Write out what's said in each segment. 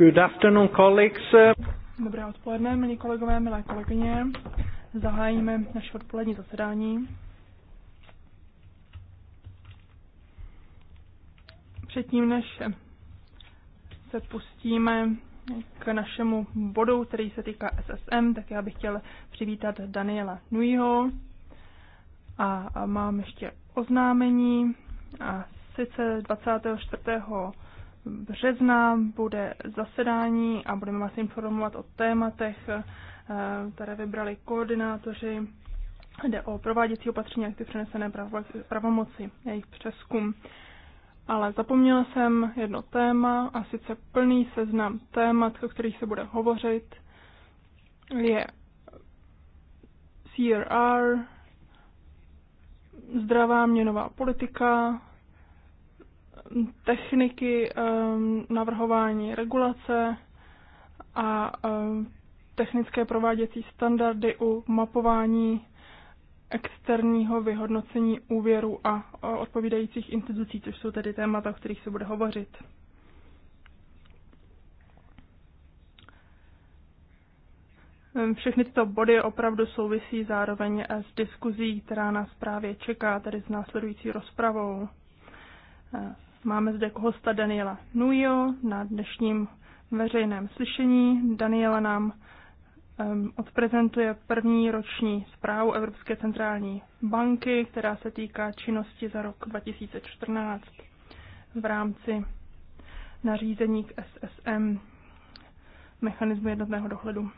Good afternoon, colleagues. Dobré odpoledne, milí kolegové, milé kolegyně. Zahájíme naše odpolední zasedání. Předtím, než se pustíme k našemu bodu, který se týká SSM, tak já bych chtěl přivítat Daniela Nuiho a mám ještě oznámení. A sice 24 března bude zasedání a budeme vás informovat o tématech, eh, které vybrali koordinátoři. Jde o prováděcí opatření ty přenesené pravomoci, jejich přeskum. Ale zapomněla jsem jedno téma, a sice plný seznam témat, o kterých se bude hovořit, je CRR, zdravá měnová politika, techniky ehm, navrhování regulace a ehm, technické prováděcí standardy u mapování externího vyhodnocení úvěru a odpovídajících institucí, což jsou tedy témata, o kterých se bude hovořit. Ehm, všechny tyto body opravdu souvisí zároveň s diskuzí, která nás právě čeká, tedy s následující rozpravou. Máme zde hosta Daniela Nujo na dnešním veřejném slyšení. Daniela nám um, odprezentuje první roční zprávu Evropské centrální banky, která se týká činnosti za rok 2014 v rámci nařízení k SSM, mechanismu jednotného dohledu.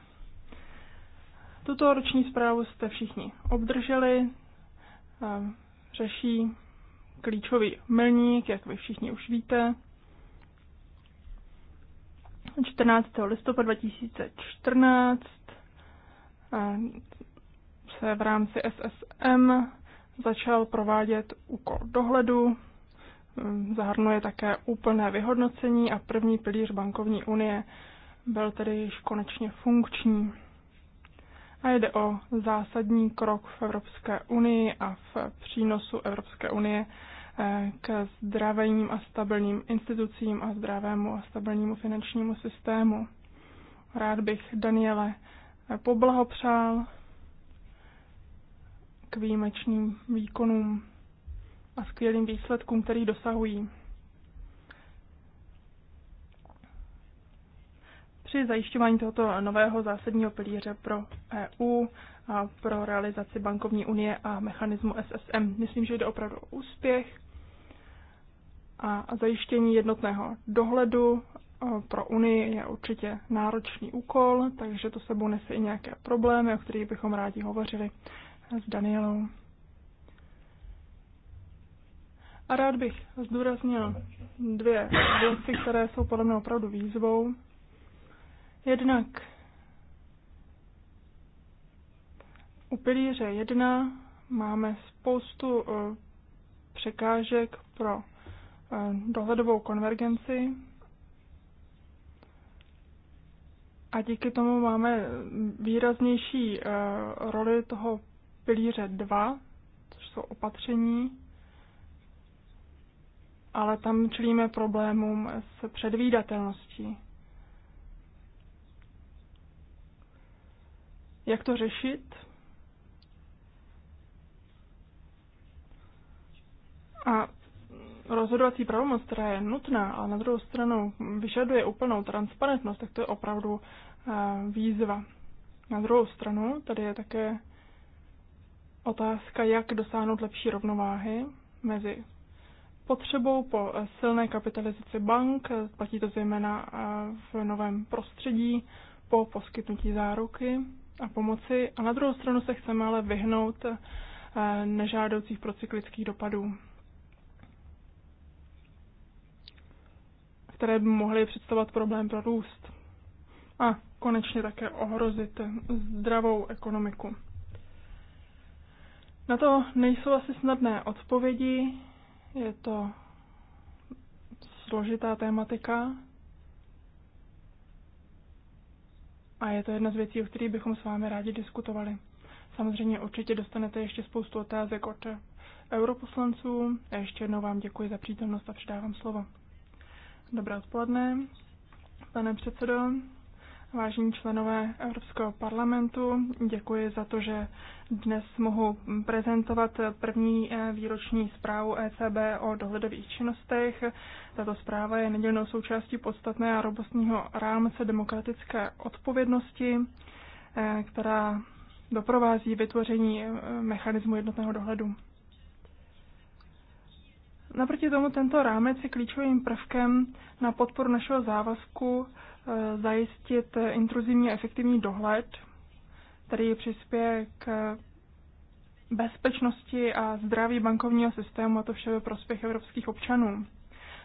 Tuto roční zprávu jste všichni obdrželi, řeší klíčový milník, jak vy všichni už víte. 14. listopadu 2014 eh, se v rámci SSM začal provádět úkol dohledu. Eh, zahrnuje také úplné vyhodnocení a první pilíř bankovní unie byl tedy již konečně funkční. A jde o zásadní krok v Evropské unii a v přínosu Evropské unie Eh, k zdravým a stabilním institucím a zdravému a stabilnímu finančnímu systému. Rád bych Daniele eh, poblahopřál k výjimečným výkonům a skvělým výsledkům, který dosahují. Při zajišťování tohoto nového zásadního pilíře pro EU pro realizaci bankovní unie a mechanismu SSM. Myslím, že jde opravdu o úspěch a zajištění jednotného dohledu pro Unii je určitě náročný úkol, takže to sebou nese i nějaké problémy, o kterých bychom rádi hovořili s Danielou. A rád bych zdůraznil dvě věci, které jsou podle mě opravdu výzvou. Jednak U pilíře 1 máme spoustu eh, překážek pro eh, dohledovou konvergenci a díky tomu máme výraznější eh, roli toho pilíře 2, což jsou opatření, ale tam čelíme problémům s předvídatelností. Jak to řešit? A rozhodovací pravomoc, která je nutná, ale na druhou stranu vyžaduje úplnou transparentnost, tak to je opravdu eh, výzva. Na druhou stranu tady je také otázka, jak dosáhnout lepší rovnováhy mezi potřebou po eh, silné kapitalizaci bank, eh, platí to zejména v novém prostředí, po poskytnutí záruky a pomoci. A na druhou stranu se chceme ale vyhnout nežádoucích procyklických dopadů. které by mohly představovat problém pro růst. A konečně také ohrozit zdravou ekonomiku. Na to nejsou asi snadné odpovědi, je to složitá tématika a je to jedna z věcí, o kterých bychom s vámi rádi diskutovali. Samozřejmě určitě dostanete ještě spoustu otázek od europoslanců a ještě jednou vám děkuji za přítomnost a předávám slovo. Dobré odpoledne, pane předsedo, vážení členové Evropského parlamentu. Děkuji za to, že dnes mohu prezentovat první eh, výroční zprávu ECB o dohledových činnostech. Tato zpráva je nedělnou součástí podstatné a robustního rámce demokratické odpovědnosti, eh, která doprovází vytvoření eh, mechanismu jednotného dohledu. Naproti tomu tento rámec je klíčovým prvkem na podporu našeho závazku eh, zajistit intruzivní a efektivní dohled, který přispěje k bezpečnosti a zdraví bankovního systému a to vše ve prospěch evropských občanů.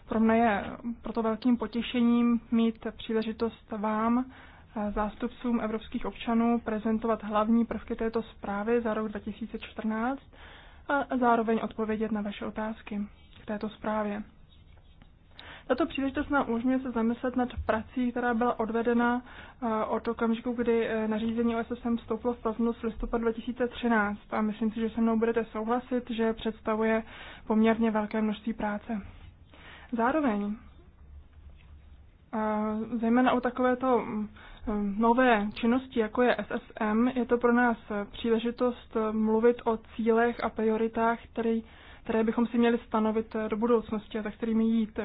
Pro mne je proto velkým potěšením mít příležitost vám, eh, zástupcům evropských občanů, prezentovat hlavní prvky této zprávy za rok 2014 a zároveň odpovědět na vaše otázky této zprávě. Tato příležitost nám umožňuje se zamyslet nad prací, která byla odvedena eh, od okamžiku, kdy eh, nařízení OSSM vstoupilo v platnost v listopadu 2013 a myslím si, že se mnou budete souhlasit, že představuje poměrně velké množství práce. Zároveň, eh, zejména o takovéto mm, mm, nové činnosti, jako je SSM, je to pro nás příležitost mluvit o cílech a prioritách, které které bychom si měli stanovit eh, do budoucnosti a za kterými jít.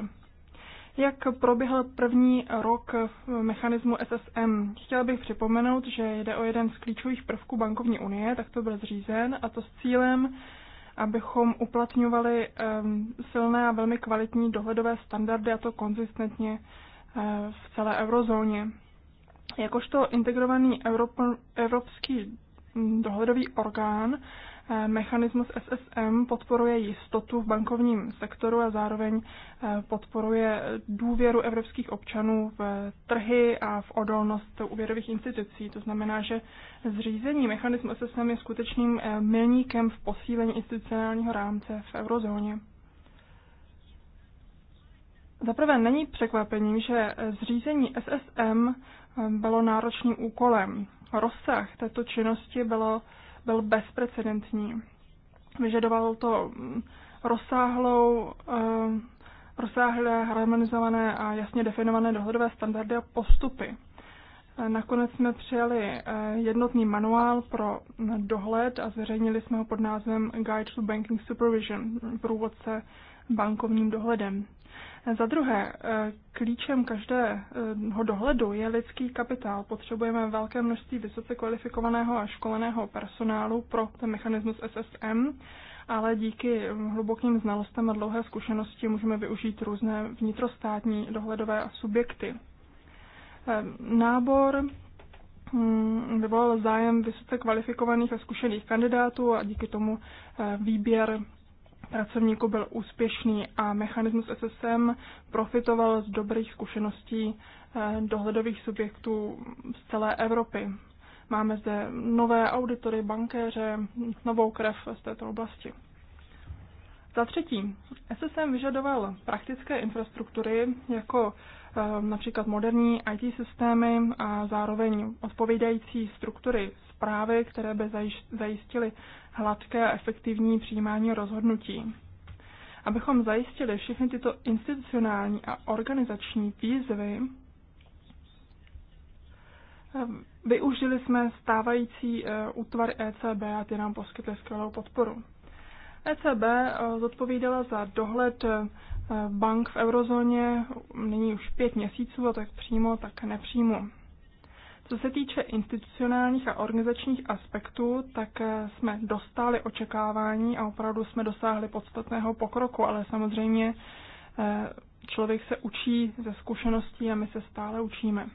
Jak proběhl první rok v mechanismu SSM? Chtěla bych připomenout, že jde o jeden z klíčových prvků bankovní unie, tak to byl zřízen a to s cílem, abychom uplatňovali ehm, silné a velmi kvalitní dohledové standardy a to konzistentně eh, v celé eurozóně. Jakožto integrovaný evropský dohledový orgán Eh, mechanismus SSM podporuje jistotu v bankovním sektoru a zároveň eh, podporuje důvěru evropských občanů v trhy a v odolnost úvěrových institucí. To znamená, že zřízení mechanismu SSM je skutečným eh, milníkem v posílení institucionálního rámce v eurozóně. Zaprvé není překvapením, že zřízení SSM bylo náročným úkolem. Rozsah této činnosti bylo byl bezprecedentní. Vyžadovalo to mm, rozsáhlou, eh, rozsáhlé, harmonizované a jasně definované dohodové standardy a postupy. Eh, nakonec jsme přijali eh, jednotný manuál pro mm, dohled a zveřejnili jsme ho pod názvem Guide to Banking Supervision, průvodce bankovním dohledem. Za druhé, eh, klíčem každého dohledu je lidský kapitál. Potřebujeme velké množství vysoce kvalifikovaného a školeného personálu pro ten mechanismus SSM, ale díky hlubokým znalostem a dlouhé zkušenosti můžeme využít různé vnitrostátní dohledové subjekty. Eh, nábor hm, vyvolal zájem vysoce kvalifikovaných a zkušených kandidátů a díky tomu eh, výběr pracovníků byl úspěšný a mechanismus SSM profitoval z dobrých zkušeností eh, dohledových subjektů z celé Evropy. Máme zde nové auditory, bankéře, novou krev z této oblasti. Za třetí, SSM vyžadoval praktické infrastruktury jako eh, například moderní IT systémy a zároveň odpovídající struktury zprávy, které by zajistily hladké a efektivní přijímání rozhodnutí. Abychom zajistili všechny tyto institucionální a organizační výzvy, ehm, využili jsme stávající e, útvar ECB a ty nám poskytly skvělou podporu. ECB e, zodpovídala za dohled e, bank v eurozóně nyní už pět měsíců, a tak přímo, tak nepřímo. Co se týče institucionálních a organizačních aspektů, tak eh, jsme dostali očekávání a opravdu jsme dosáhli podstatného pokroku, ale samozřejmě eh, člověk se učí ze zkušeností a my se stále učíme.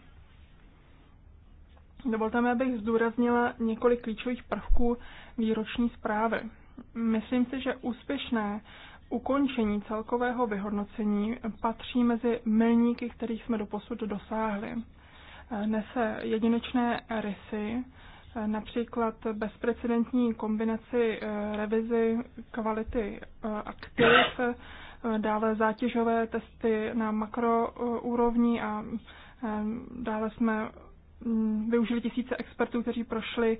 Dovolte mi, abych zdůraznila několik klíčových prvků výroční zprávy. Myslím si, že úspěšné ukončení celkového vyhodnocení patří mezi milníky, kterých jsme doposud dosáhli nese jedinečné rysy, například bezprecedentní kombinaci eh, revizi kvality eh, aktiv, eh, dále zátěžové testy na makroúrovni a dále jsme mm, využili tisíce expertů, kteří prošli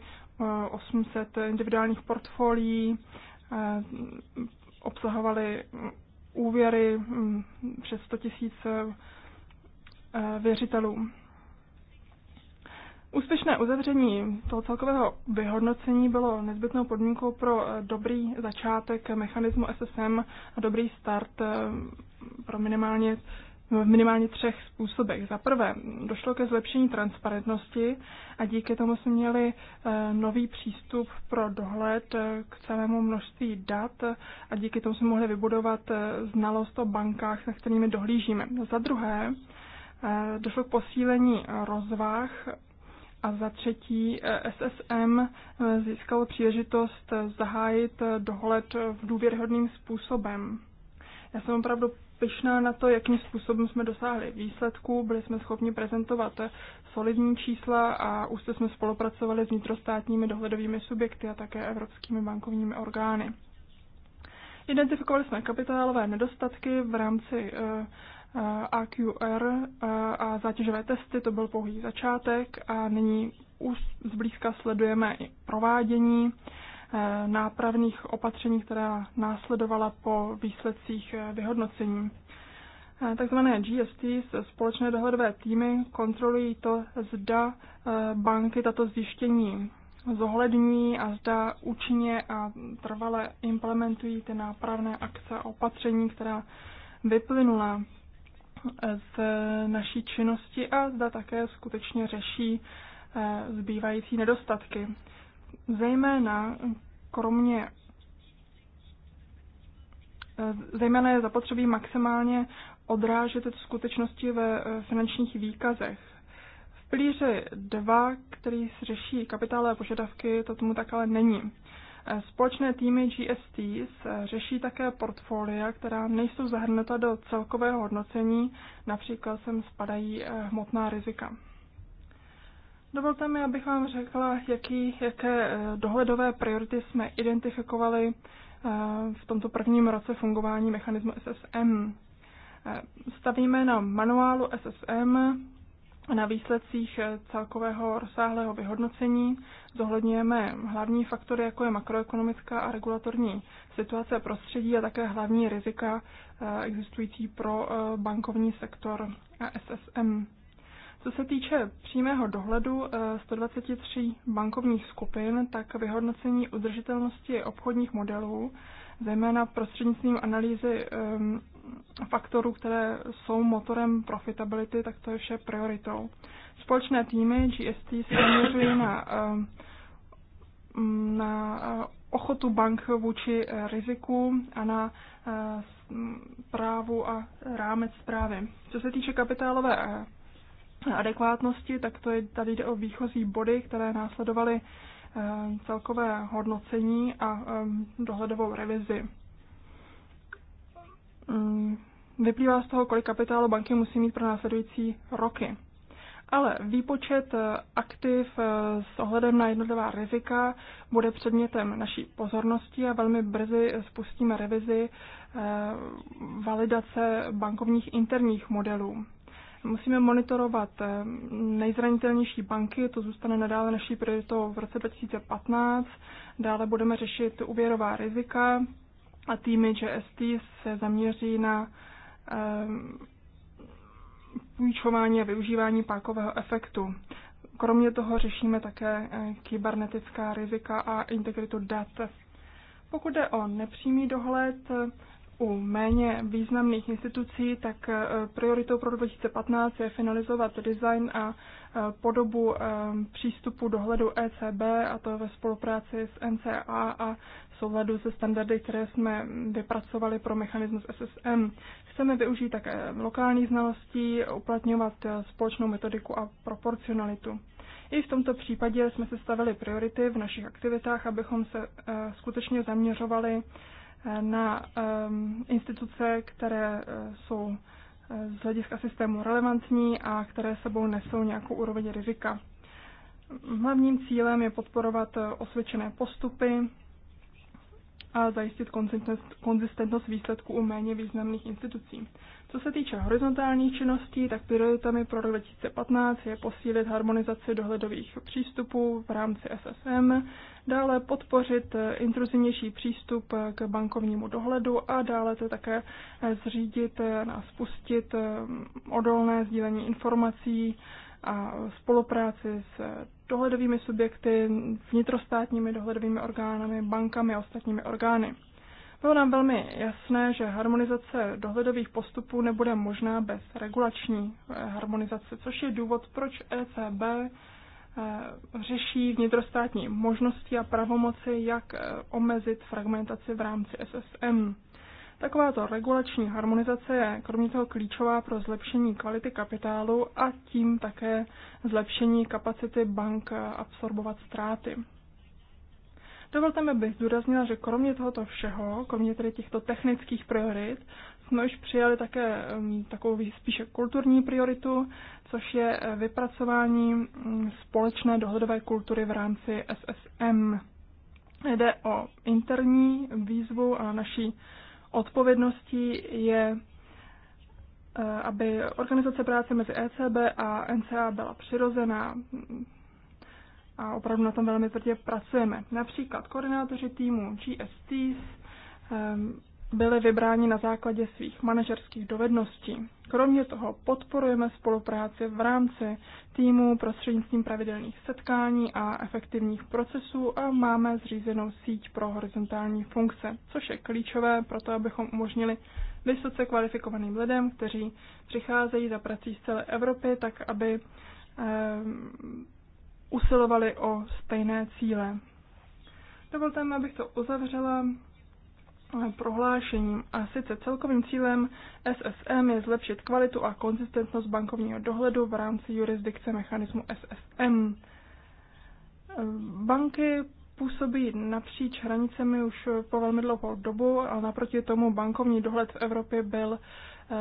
800 individuálních portfolií, obsahovali úvěry mm, přes 100 tisíc věřitelů. Úspěšné uzavření toho celkového vyhodnocení bylo nezbytnou podmínkou pro eh, dobrý začátek mechanismu SSM a dobrý start eh, pro minimálně v minimálně třech způsobech. Za prvé, došlo ke zlepšení transparentnosti a díky tomu jsme měli eh, nový přístup pro dohled k celému množství dat a díky tomu jsme mohli vybudovat znalost o bankách, na kterými dohlížíme. Za druhé, došlo k posílení rozvah a za třetí, eh, SSM eh, získal příležitost eh, zahájit dohled v důvěryhodným způsobem. Já jsem opravdu pyšná na to, jakým způsobem jsme dosáhli výsledků. Byli jsme schopni prezentovat solidní čísla a už jsme spolupracovali s vnitrostátními dohledovými subjekty a také evropskými bankovními orgány. Identifikovali jsme kapitálové nedostatky v rámci AQR a zátěžové testy, to byl pouhý začátek a nyní už zblízka sledujeme i provádění e, nápravných opatření, která následovala po výsledcích e, vyhodnocení. E, takzvané GST, společné dohledové týmy, kontrolují to, zda banky tato zjištění zohlední a zda účinně a trvale implementují ty nápravné akce a opatření, která vyplynula z naší činnosti a zda také skutečně řeší eh, zbývající nedostatky. Zejména kromě eh, zejména je zapotřebí maximálně odrážet tyto skutečnosti ve eh, finančních výkazech. V pilíři 2, který řeší kapitálové požadavky, to tomu tak ale není. Společné týmy GSTs řeší také portfolia, která nejsou zahrnuta do celkového hodnocení, například sem spadají eh, hmotná rizika. Dovolte mi, abych vám řekla, jaký, jaké eh, dohledové priority jsme identifikovali eh, v tomto prvním roce fungování mechanismu SSM. Stavíme na manuálu SSM, na výsledcích eh, celkového rozsáhlého vyhodnocení zohledňujeme hlavní faktory, jako je makroekonomická a regulatorní situace prostředí a také hlavní rizika eh, existující pro eh, bankovní sektor a SSM. Co se týče přímého dohledu 123 bankovních skupin, tak vyhodnocení udržitelnosti obchodních modelů zejména prostřednictvím analýzy ehm, faktorů, které jsou motorem profitability, tak to je vše prioritou. Společné týmy GST se zaměřují na, ehm, na eh, ochotu bank vůči eh, riziku a na eh, právu a rámec zprávy. Co se týče kapitálové adekvátnosti, tak to je, tady jde o výchozí body, které následovaly Eh, celkové hodnocení a eh, dohledovou revizi. Mm, vyplývá z toho, kolik kapitálu banky musí mít pro následující roky. Ale výpočet eh, aktiv s ohledem na jednotlivá rizika bude předmětem naší pozornosti a velmi brzy spustíme revizi validace bankovních interních modelů. Musíme monitorovat eh, nejzranitelnější banky, to zůstane nadále naší prioritou v roce 2015. Dále budeme řešit úvěrová rizika a týmy GST se zaměří na eh, půjčování a využívání pákového efektu. Kromě toho řešíme také eh, kybernetická rizika a integritu dat. Pokud jde o nepřímý dohled, u méně významných institucí, tak e, prioritou pro 2015 je finalizovat design a e, podobu e, přístupu dohledu ECB, a to ve spolupráci s NCA a souladu se standardy, které jsme vypracovali pro mechanismus SSM. Chceme využít také lokální znalostí, uplatňovat společnou metodiku a proporcionalitu. I v tomto případě jsme se stavili priority v našich aktivitách, abychom se skutečně zaměřovali na ehm, instituce, které eh, jsou eh, z hlediska systému relevantní a které sebou nesou nějakou úroveň rizika. Hlavním cílem je podporovat eh, osvědčené postupy a zajistit konzistentnost výsledků u méně významných institucí. Co se týče horizontálních činností, tak prioritami pro rok 2015 je posílit harmonizaci dohledových přístupů v rámci SSM, dále podpořit eh, intruzivnější přístup eh, k bankovnímu dohledu a dále to také eh, zřídit a spustit odolné sdílení informací a spolupráci s dohledovými subjekty, vnitrostátními dohledovými orgánami, bankami a ostatními orgány. Bylo nám velmi jasné, že harmonizace dohledových postupů nebude možná bez regulační eh, harmonizace, což je důvod, proč ECB eh, řeší vnitrostátní možnosti a pravomoci, jak eh, omezit fragmentaci v rámci SSM. Takováto regulační harmonizace je kromě toho klíčová pro zlepšení kvality kapitálu a tím také zlepšení kapacity bank absorbovat ztráty. Dovolte mi, abych zdůraznila, že kromě tohoto všeho, kromě tedy těchto technických priorit, jsme už přijali také um, takovou spíše kulturní prioritu, což je eh, vypracování um, společné dohledové kultury v rámci SSM. Jde o interní výzvu a naší odpovědností je, eh, aby organizace práce mezi ECB a NCA byla přirozená a opravdu na tom velmi tvrdě pracujeme. Například koordinátoři týmu GSTs byli vybráni na základě svých manažerských dovedností. Kromě toho podporujeme spolupráci v rámci týmu prostřednictvím pravidelných setkání a efektivních procesů a máme zřízenou síť pro horizontální funkce, což je klíčové pro to, abychom umožnili vysoce kvalifikovaným lidem, kteří přicházejí za prací z celé Evropy, tak aby eh, usilovali o stejné cíle. Dovolte mi, abych to uzavřela prohlášením a sice celkovým cílem SSM je zlepšit kvalitu a konzistentnost bankovního dohledu v rámci jurisdikce mechanismu SSM. Banky působí napříč hranicemi už po velmi dlouhou dobu, ale naproti tomu bankovní dohled v Evropě byl eh,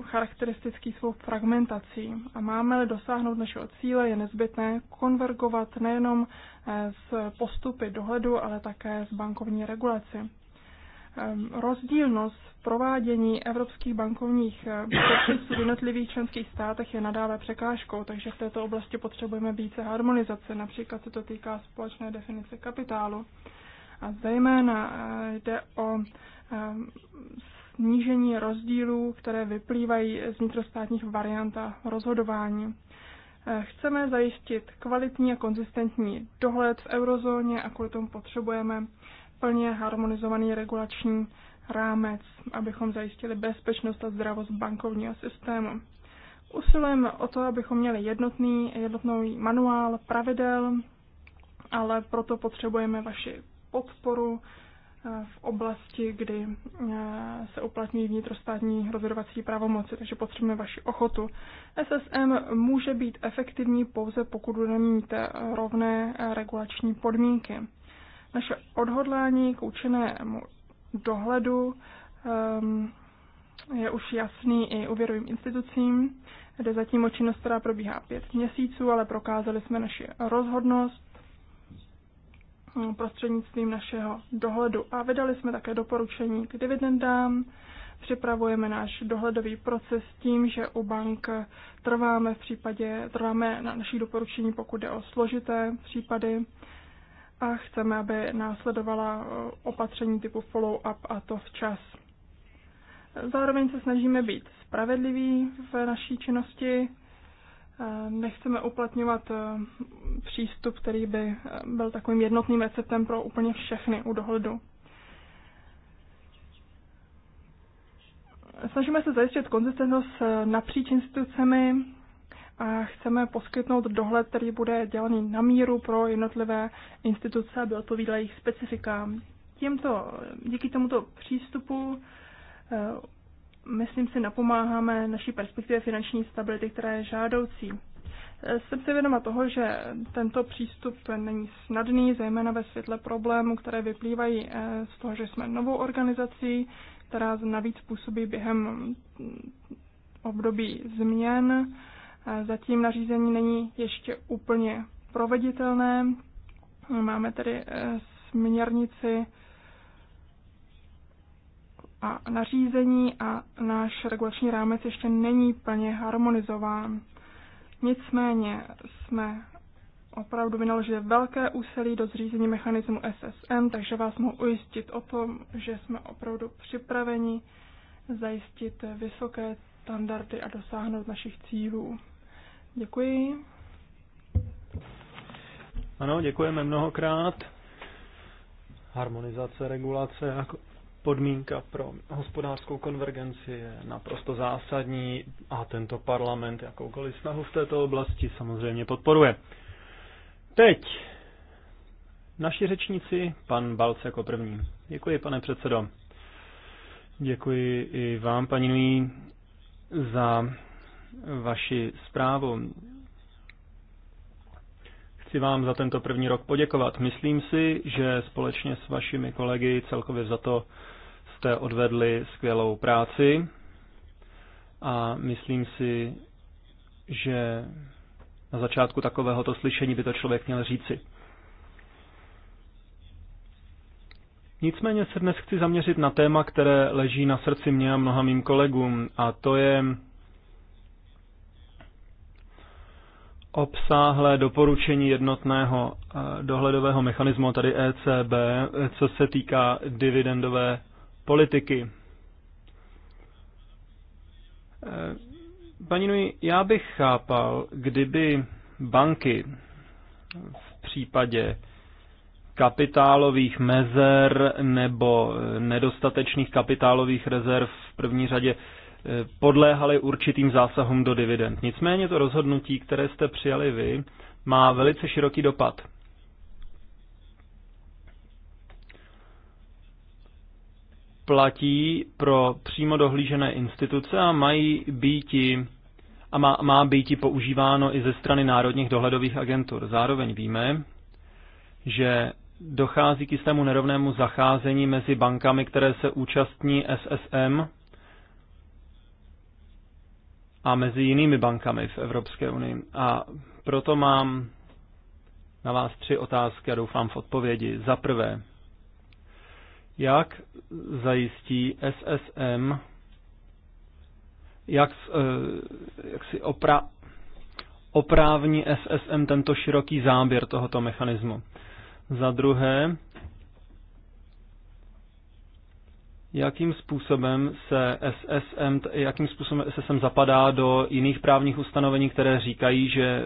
charakteristický svou fragmentací. A máme-li dosáhnout našeho cíle, je nezbytné konvergovat nejenom eh, s postupy dohledu, ale také s bankovní regulaci. Ehm, rozdílnost v provádění evropských bankovních eh, předpisů v jednotlivých členských státech je nadále překážkou, takže v této oblasti potřebujeme více harmonizace. Například se to týká společné definice kapitálu. A zejména eh, jde o ehm, snížení rozdílů, které vyplývají z vnitrostátních variant a rozhodování. Eh, chceme zajistit kvalitní a konzistentní dohled v eurozóně a kvůli tomu potřebujeme plně harmonizovaný regulační rámec, abychom zajistili bezpečnost a zdravost bankovního systému. Usilujeme o to, abychom měli jednotný, jednotný manuál pravidel, ale proto potřebujeme vaši podporu eh, v oblasti, kdy eh, se uplatňují vnitrostátní rozhodovací pravomoci, takže potřebujeme vaši ochotu. SSM může být efektivní pouze, pokud budeme mít rovné regulační podmínky. Naše odhodlání k účinnému dohledu um, je už jasný i uvěrovým institucím. kde zatím o činnost, která probíhá pět měsíců, ale prokázali jsme naši rozhodnost prostřednictvím našeho dohledu a vydali jsme také doporučení k dividendám. Připravujeme náš dohledový proces tím, že u bank trváme v případě, trváme na naší doporučení, pokud jde o složité případy a chceme, aby následovala eh, opatření typu follow-up a to včas. Zároveň se snažíme být spravedliví v naší činnosti. Eh, nechceme uplatňovat eh, přístup, který by byl takovým jednotným receptem pro úplně všechny u dohledu. Snažíme se zajistit konzistentnost napříč institucemi, a chceme poskytnout dohled, který bude dělaný na míru pro jednotlivé instituce, aby odpovídala jejich specifikám. Tímto, díky tomuto přístupu eh, myslím si, napomáháme naší perspektivě finanční stability, která je žádoucí. Eh, jsem si vědoma toho, že tento přístup není snadný, zejména ve světle problémů, které vyplývají eh, z toho, že jsme novou organizací, která navíc působí během období změn Zatím nařízení není ještě úplně proveditelné. Máme tedy eh, směrnici a nařízení a náš regulační rámec ještě není plně harmonizován. Nicméně jsme opravdu vynaložili velké úsilí do zřízení mechanismu SSM, takže vás mohu ujistit o tom, že jsme opravdu připraveni zajistit vysoké standardy a dosáhnout našich cílů. Děkuji. Ano, děkujeme mnohokrát. Harmonizace, regulace jako podmínka pro hospodářskou konvergenci je naprosto zásadní a tento parlament jakoukoliv snahu v této oblasti samozřejmě podporuje. Teď naši řečníci, pan Balc jako první. Děkuji, pane předsedo. Děkuji i vám, paní Nui, za vaši zprávu. Chci vám za tento první rok poděkovat. Myslím si, že společně s vašimi kolegy celkově za to jste odvedli skvělou práci a myslím si, že na začátku takovéhoto slyšení by to člověk měl říci. Nicméně se dnes chci zaměřit na téma, které leží na srdci mě a mnoha mým kolegům, a to je obsáhlé doporučení jednotného eh, dohledového mechanismu, tady ECB, co se týká dividendové politiky. Eh, paní Nui, já bych chápal, kdyby banky v případě kapitálových mezer nebo nedostatečných kapitálových rezerv v první řadě podléhaly určitým zásahům do dividend. Nicméně to rozhodnutí, které jste přijali vy, má velice široký dopad. Platí pro přímo dohlížené instituce a mají býti a má, má býti používáno i ze strany národních dohledových agentur. Zároveň víme, že dochází k jistému nerovnému zacházení mezi bankami, které se účastní SSM a mezi jinými bankami v Evropské unii. A proto mám na vás tři otázky a doufám v odpovědi. Za prvé, jak zajistí SSM, jak, eh, jak si opra, oprávní SSM tento široký záběr tohoto mechanismu. Za druhé, jakým způsobem se SSM, jakým způsobem SSM zapadá do jiných právních ustanovení, které říkají, že e,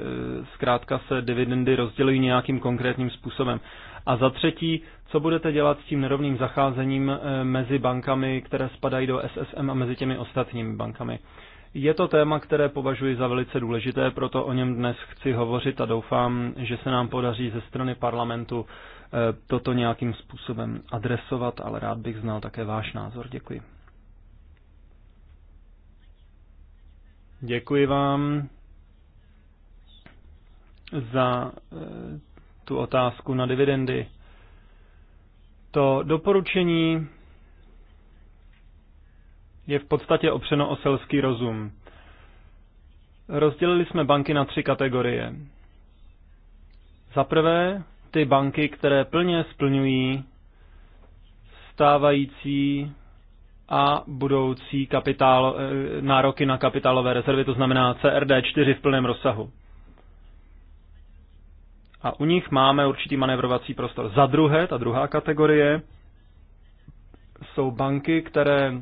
zkrátka se dividendy rozdělují nějakým konkrétním způsobem. A za třetí, co budete dělat s tím nerovným zacházením e, mezi bankami, které spadají do SSM a mezi těmi ostatními bankami? Je to téma, které považuji za velice důležité, proto o něm dnes chci hovořit a doufám, že se nám podaří ze strany parlamentu Eh, toto nějakým způsobem adresovat, ale rád bych znal také váš názor. Děkuji. Děkuji vám za eh, tu otázku na dividendy. To doporučení je v podstatě opřeno o selský rozum. Rozdělili jsme banky na tři kategorie. Za prvé, ty banky, které plně splňují stávající a budoucí kapitál, eh, nároky na kapitálové rezervy, to znamená CRD 4 v plném rozsahu. A u nich máme určitý manevrovací prostor. Za druhé, ta druhá kategorie, jsou banky, které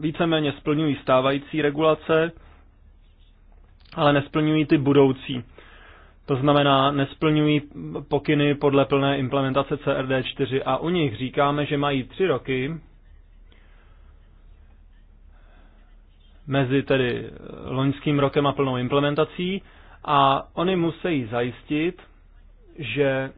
víceméně splňují stávající regulace, ale nesplňují ty budoucí. To znamená, nesplňují pokyny podle plné implementace CRD4 a u nich říkáme, že mají tři roky mezi tedy loňským rokem a plnou implementací a oni musí zajistit, že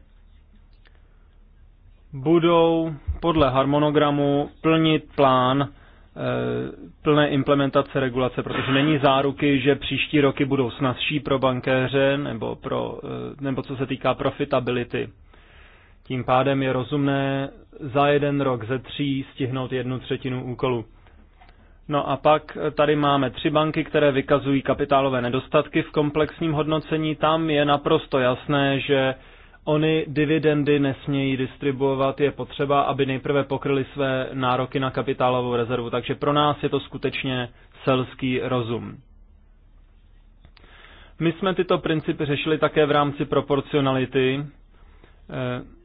budou podle harmonogramu plnit plán Eh, plné implementace regulace, protože není záruky, že příští roky budou snazší pro bankéře nebo, pro, eh, nebo co se týká profitability. Tím pádem je rozumné za jeden rok ze tří stihnout jednu třetinu úkolu. No a pak tady máme tři banky, které vykazují kapitálové nedostatky v komplexním hodnocení. Tam je naprosto jasné, že Oni dividendy nesmějí distribuovat, je potřeba, aby nejprve pokryli své nároky na kapitálovou rezervu. Takže pro nás je to skutečně selský rozum. My jsme tyto principy řešili také v rámci proporcionality eh,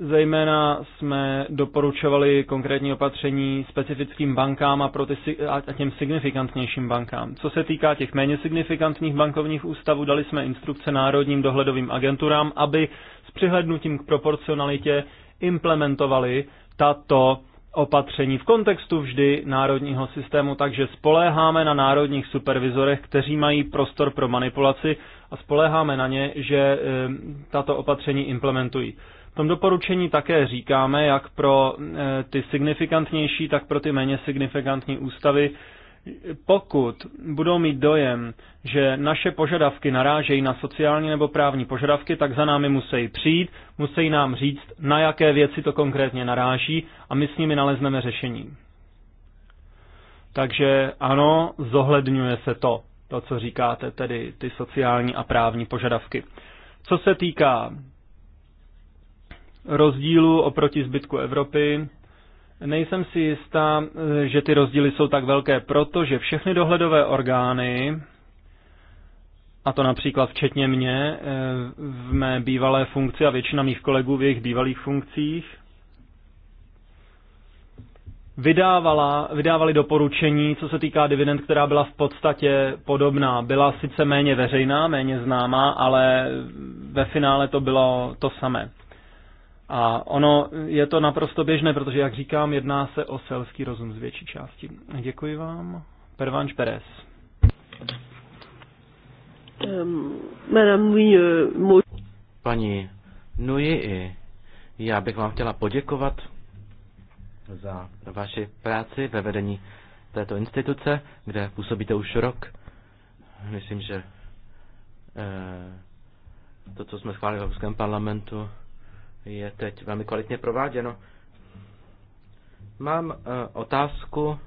Zejména jsme doporučovali konkrétní opatření specifickým bankám a, pro ty, a těm signifikantnějším bankám. Co se týká těch méně signifikantních bankovních ústavů, dali jsme instrukce národním dohledovým agenturám, aby s přihlednutím k proporcionalitě implementovali tato opatření v kontextu vždy národního systému, takže spoléháme na národních supervizorech, kteří mají prostor pro manipulaci a spoléháme na ně, že eh, tato opatření implementují. V tom doporučení také říkáme, jak pro e, ty signifikantnější, tak pro ty méně signifikantní ústavy, pokud budou mít dojem, že naše požadavky narážejí na sociální nebo právní požadavky, tak za námi musí přijít, musí nám říct, na jaké věci to konkrétně naráží a my s nimi nalezneme řešení. Takže ano, zohledňuje se to, to, co říkáte, tedy ty sociální a právní požadavky. Co se týká rozdílů oproti zbytku Evropy. Nejsem si jistá, že ty rozdíly jsou tak velké, protože všechny dohledové orgány, a to například včetně mě, eh, v mé bývalé funkci a většina mých kolegů v jejich bývalých funkcích, vydávala, vydávali doporučení, co se týká dividend, která byla v podstatě podobná. Byla sice méně veřejná, méně známá, ale ve finále to bylo to samé. A ono je to naprosto běžné, protože, jak říkám, jedná se o selský rozum z větší části. Děkuji vám. Pervanč Perez. Ehm, Paní Nui, já bych vám chtěla poděkovat za vaši práci ve vedení této instituce, kde působíte už rok. Myslím, že eh, to, co jsme schválili v Evropském parlamentu, je teď velmi kvalitně prováděno. Mám eh, otázku,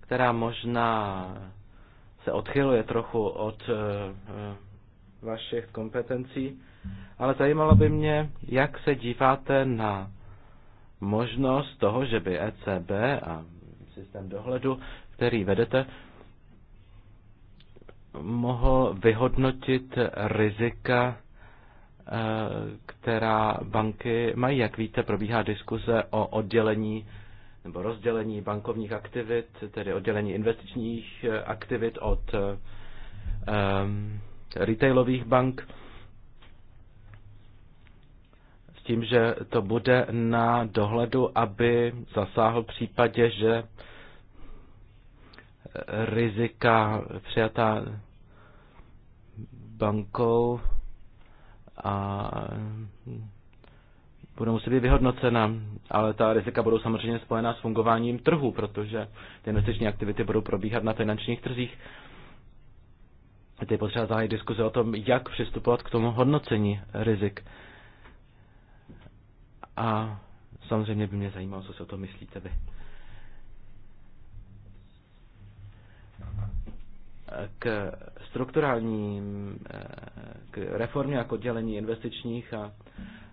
která možná se odchyluje trochu od eh, eh, vašich kompetencí, ale zajímalo by mě, jak se díváte na možnost toho, že by ECB a systém dohledu, který vedete, mohl vyhodnotit rizika Eh, která banky mají. Jak víte, probíhá diskuze o oddělení nebo rozdělení bankovních aktivit, tedy oddělení investičních eh, aktivit od um, retailových bank s tím, že to bude na dohledu, aby zasáhl v případě, že rizika přijatá bankou a budou muset být vyhodnocena, ale ta rizika budou samozřejmě spojená s fungováním trhu, protože ty investiční aktivity budou probíhat na finančních trzích. Teď je potřeba zahájit diskuze o tom, jak přistupovat k tomu hodnocení rizik. A samozřejmě by mě zajímalo, co si o tom myslíte vy. K strukturální eh, reformě jako dělení investičních a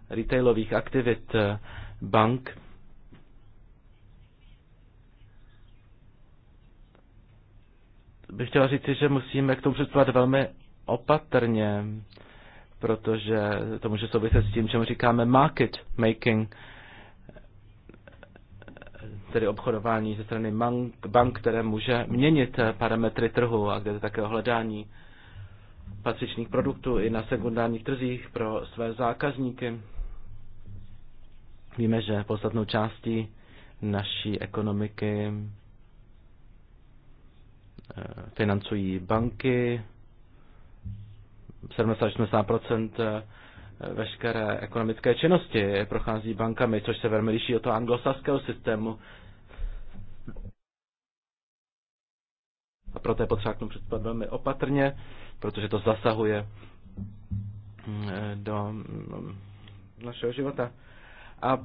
retailových aktivit eh, bank. Bych chtěla říci, že musíme k tomu přistupovat velmi opatrně, protože to může souviset s tím, čemu říkáme market making, tedy obchodování ze strany bank, bank, které může měnit parametry trhu a kde je také hledání patřičných produktů i na sekundárních trzích pro své zákazníky. Víme, že podstatnou částí naší ekonomiky eh, financují banky. 70-80% eh, veškeré ekonomické činnosti prochází bankami, což se velmi liší od toho anglosaského systému, A proto je potřeba k tomu přistupovat velmi opatrně, protože to zasahuje mm, eh, do mm, našeho života. A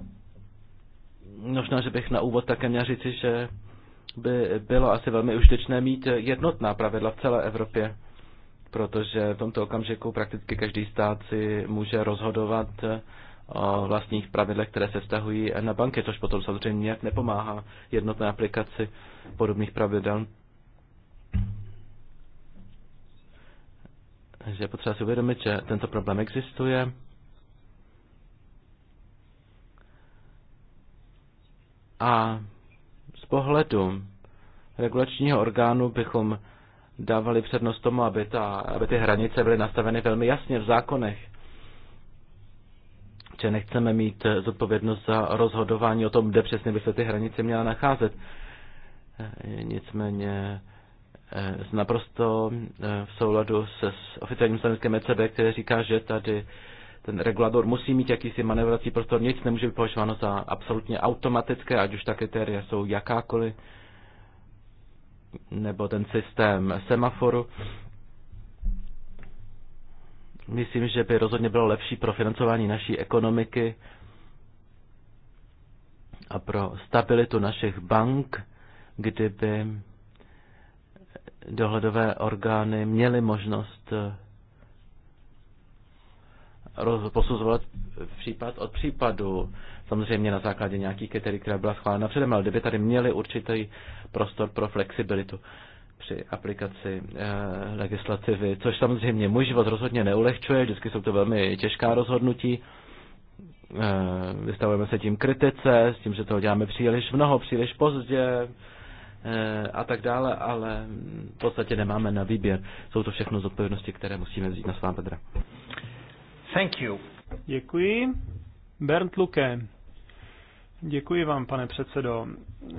možná, že bych na úvod také měl říci, že by bylo asi velmi užitečné mít jednotná pravidla v celé Evropě, protože v tomto okamžiku prakticky každý stát si může rozhodovat eh, o vlastních pravidlech, které se vztahují na banky, což potom samozřejmě nějak nepomáhá jednotné aplikaci podobných pravidel. Takže je potřeba si uvědomit, že tento problém existuje. A z pohledu regulačního orgánu bychom dávali přednost tomu, aby, ta, aby ty hranice byly nastaveny velmi jasně v zákonech. Že nechceme mít zodpovědnost za rozhodování o tom, kde přesně by se ty hranice měla nacházet. E, nicméně Eh, naprosto eh, v souladu se s oficiálním stanoviskem ECB, které říká, že tady ten regulator musí mít jakýsi manevrací prostor, nic nemůže být považováno za absolutně automatické, ať už ta kritéria jsou jakákoliv, nebo ten systém semaforu. Myslím, že by rozhodně bylo lepší pro financování naší ekonomiky a pro stabilitu našich bank, kdyby dohledové orgány měly možnost eh, posuzovat případ od případu, samozřejmě na základě nějakých kritérií, která byla schválena předem, ale kdyby tady měli určitý prostor pro flexibilitu při aplikaci e, legislativy, což samozřejmě můj život rozhodně neulehčuje, vždycky jsou to velmi těžká rozhodnutí, e, vystavujeme se tím kritice, s tím, že toho děláme příliš mnoho, příliš pozdě, Eh, a tak dále, ale v podstatě nemáme na výběr. Jsou to všechno zodpovědnosti, které musíme vzít na svá bedra. Thank you. Děkuji. Bernd Luke. Děkuji vám, pane předsedo. Eh,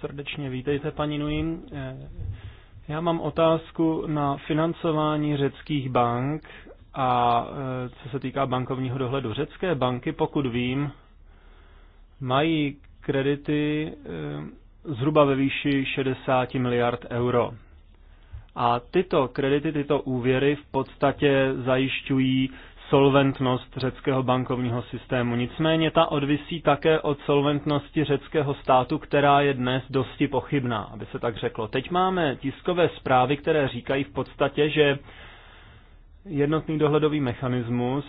srdečně vítejte, paní Nui. Eh, já mám otázku na financování řeckých bank a co se týká bankovního dohledu. Řecké banky, pokud vím, mají kredity zhruba ve výši 60 miliard euro. A tyto kredity, tyto úvěry v podstatě zajišťují solventnost řeckého bankovního systému. Nicméně ta odvisí také od solventnosti řeckého státu, která je dnes dosti pochybná, aby se tak řeklo. Teď máme tiskové zprávy, které říkají v podstatě, že jednotný dohledový mechanismus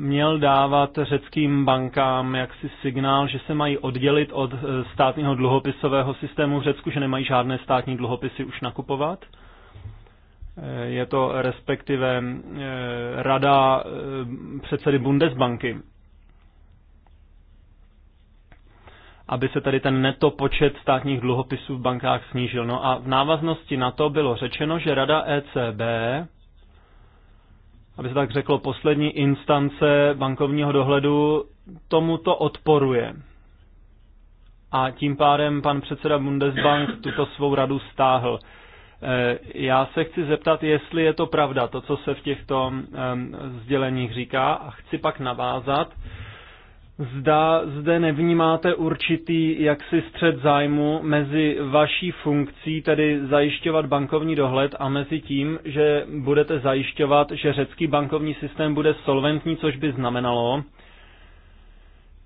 měl dávat řeckým bankám jaksi signál, že se mají oddělit od eh, státního dluhopisového systému v Řecku, že nemají žádné státní dluhopisy už nakupovat. Eh, je to respektive eh, rada předsedy Bundesbanky. aby se tady ten neto počet státních dluhopisů v bankách snížil. No a v návaznosti na to bylo řečeno, že rada ECB aby se tak řeklo, poslední instance bankovního dohledu tomuto odporuje. A tím pádem pan předseda Bundesbank tuto svou radu stáhl. Eh, já se chci zeptat, jestli je to pravda, to, co se v těchto sděleních říká, a chci pak navázat zda zde nevnímáte určitý jaksi střed zájmu mezi vaší funkcí, tedy zajišťovat bankovní dohled, a mezi tím, že budete zajišťovat, že řecký bankovní systém bude solventní, což by znamenalo,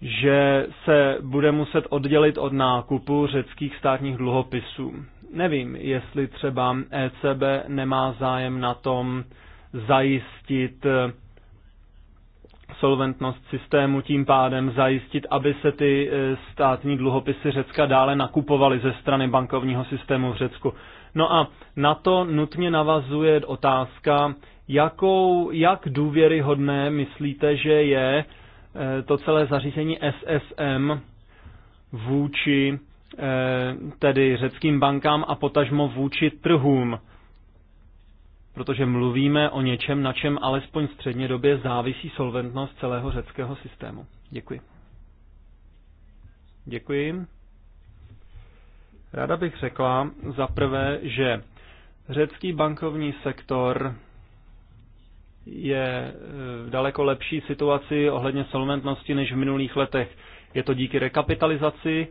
že se bude muset oddělit od nákupu řeckých státních dluhopisů. Nevím, jestli třeba ECB nemá zájem na tom zajistit solventnost systému, tím pádem zajistit, aby se ty eh, státní dluhopisy Řecka dále nakupovaly ze strany bankovního systému v Řecku. No a na to nutně navazuje otázka, jakou, jak důvěryhodné myslíte, že je eh, to celé zařízení SSM vůči eh, tedy řeckým bankám a potažmo vůči trhům protože mluvíme o něčem, na čem alespoň středně době závisí solventnost celého řeckého systému. Děkuji. Děkuji. Ráda bych řekla za prvé, že řecký bankovní sektor je e, v daleko lepší situaci ohledně solventnosti než v minulých letech. Je to díky rekapitalizaci,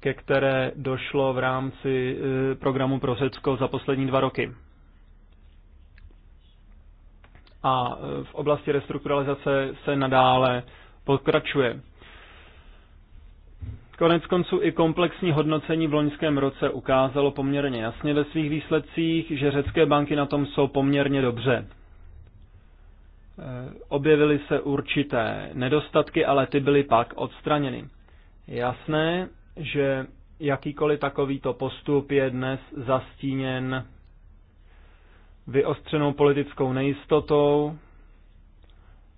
ke které došlo v rámci e, programu pro Řecko za poslední dva roky a e, v oblasti restrukturalizace se nadále pokračuje. Konec konců i komplexní hodnocení v loňském roce ukázalo poměrně jasně ve svých výsledcích, že řecké banky na tom jsou poměrně dobře. E, objevily se určité nedostatky, ale ty byly pak odstraněny. Jasné, že jakýkoliv takovýto postup je dnes zastíněn vyostřenou politickou nejistotou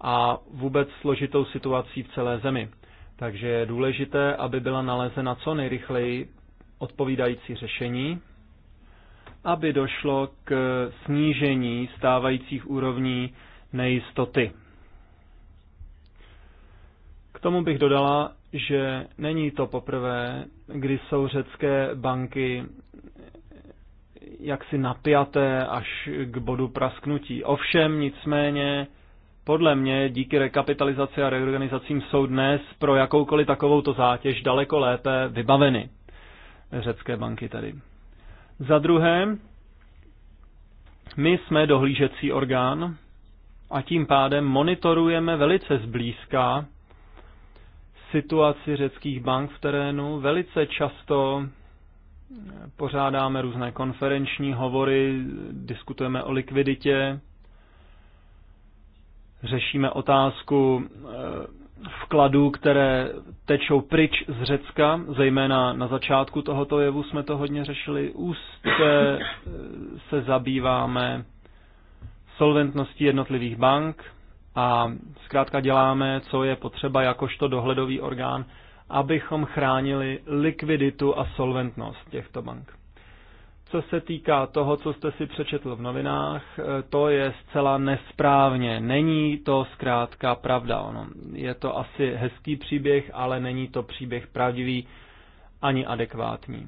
a vůbec složitou situací v celé zemi. Takže je důležité, aby byla nalezena co nejrychleji odpovídající řešení, aby došlo k snížení stávajících úrovní nejistoty. K tomu bych dodala, že není to poprvé, kdy jsou řecké banky jaksi napjaté až k bodu prasknutí. Ovšem, nicméně, podle mě díky rekapitalizaci a reorganizacím jsou dnes pro jakoukoliv takovouto zátěž daleko lépe vybaveny. Řecké banky tady. Za druhé, my jsme dohlížecí orgán a tím pádem monitorujeme velice zblízka situaci řeckých bank v terénu. Velice často Pořádáme různé konferenční hovory, diskutujeme o likviditě, řešíme otázku eh, vkladů, které tečou pryč z Řecka, zejména na začátku tohoto jevu jsme to hodně řešili. Úzce eh, se zabýváme solventností jednotlivých bank a zkrátka děláme, co je potřeba jakožto dohledový orgán abychom chránili likviditu a solventnost těchto bank. Co se týká toho, co jste si přečetl v novinách, eh, to je zcela nesprávně. Není to zkrátka pravda. Ono. Je to asi hezký příběh, ale není to příběh pravdivý ani adekvátní.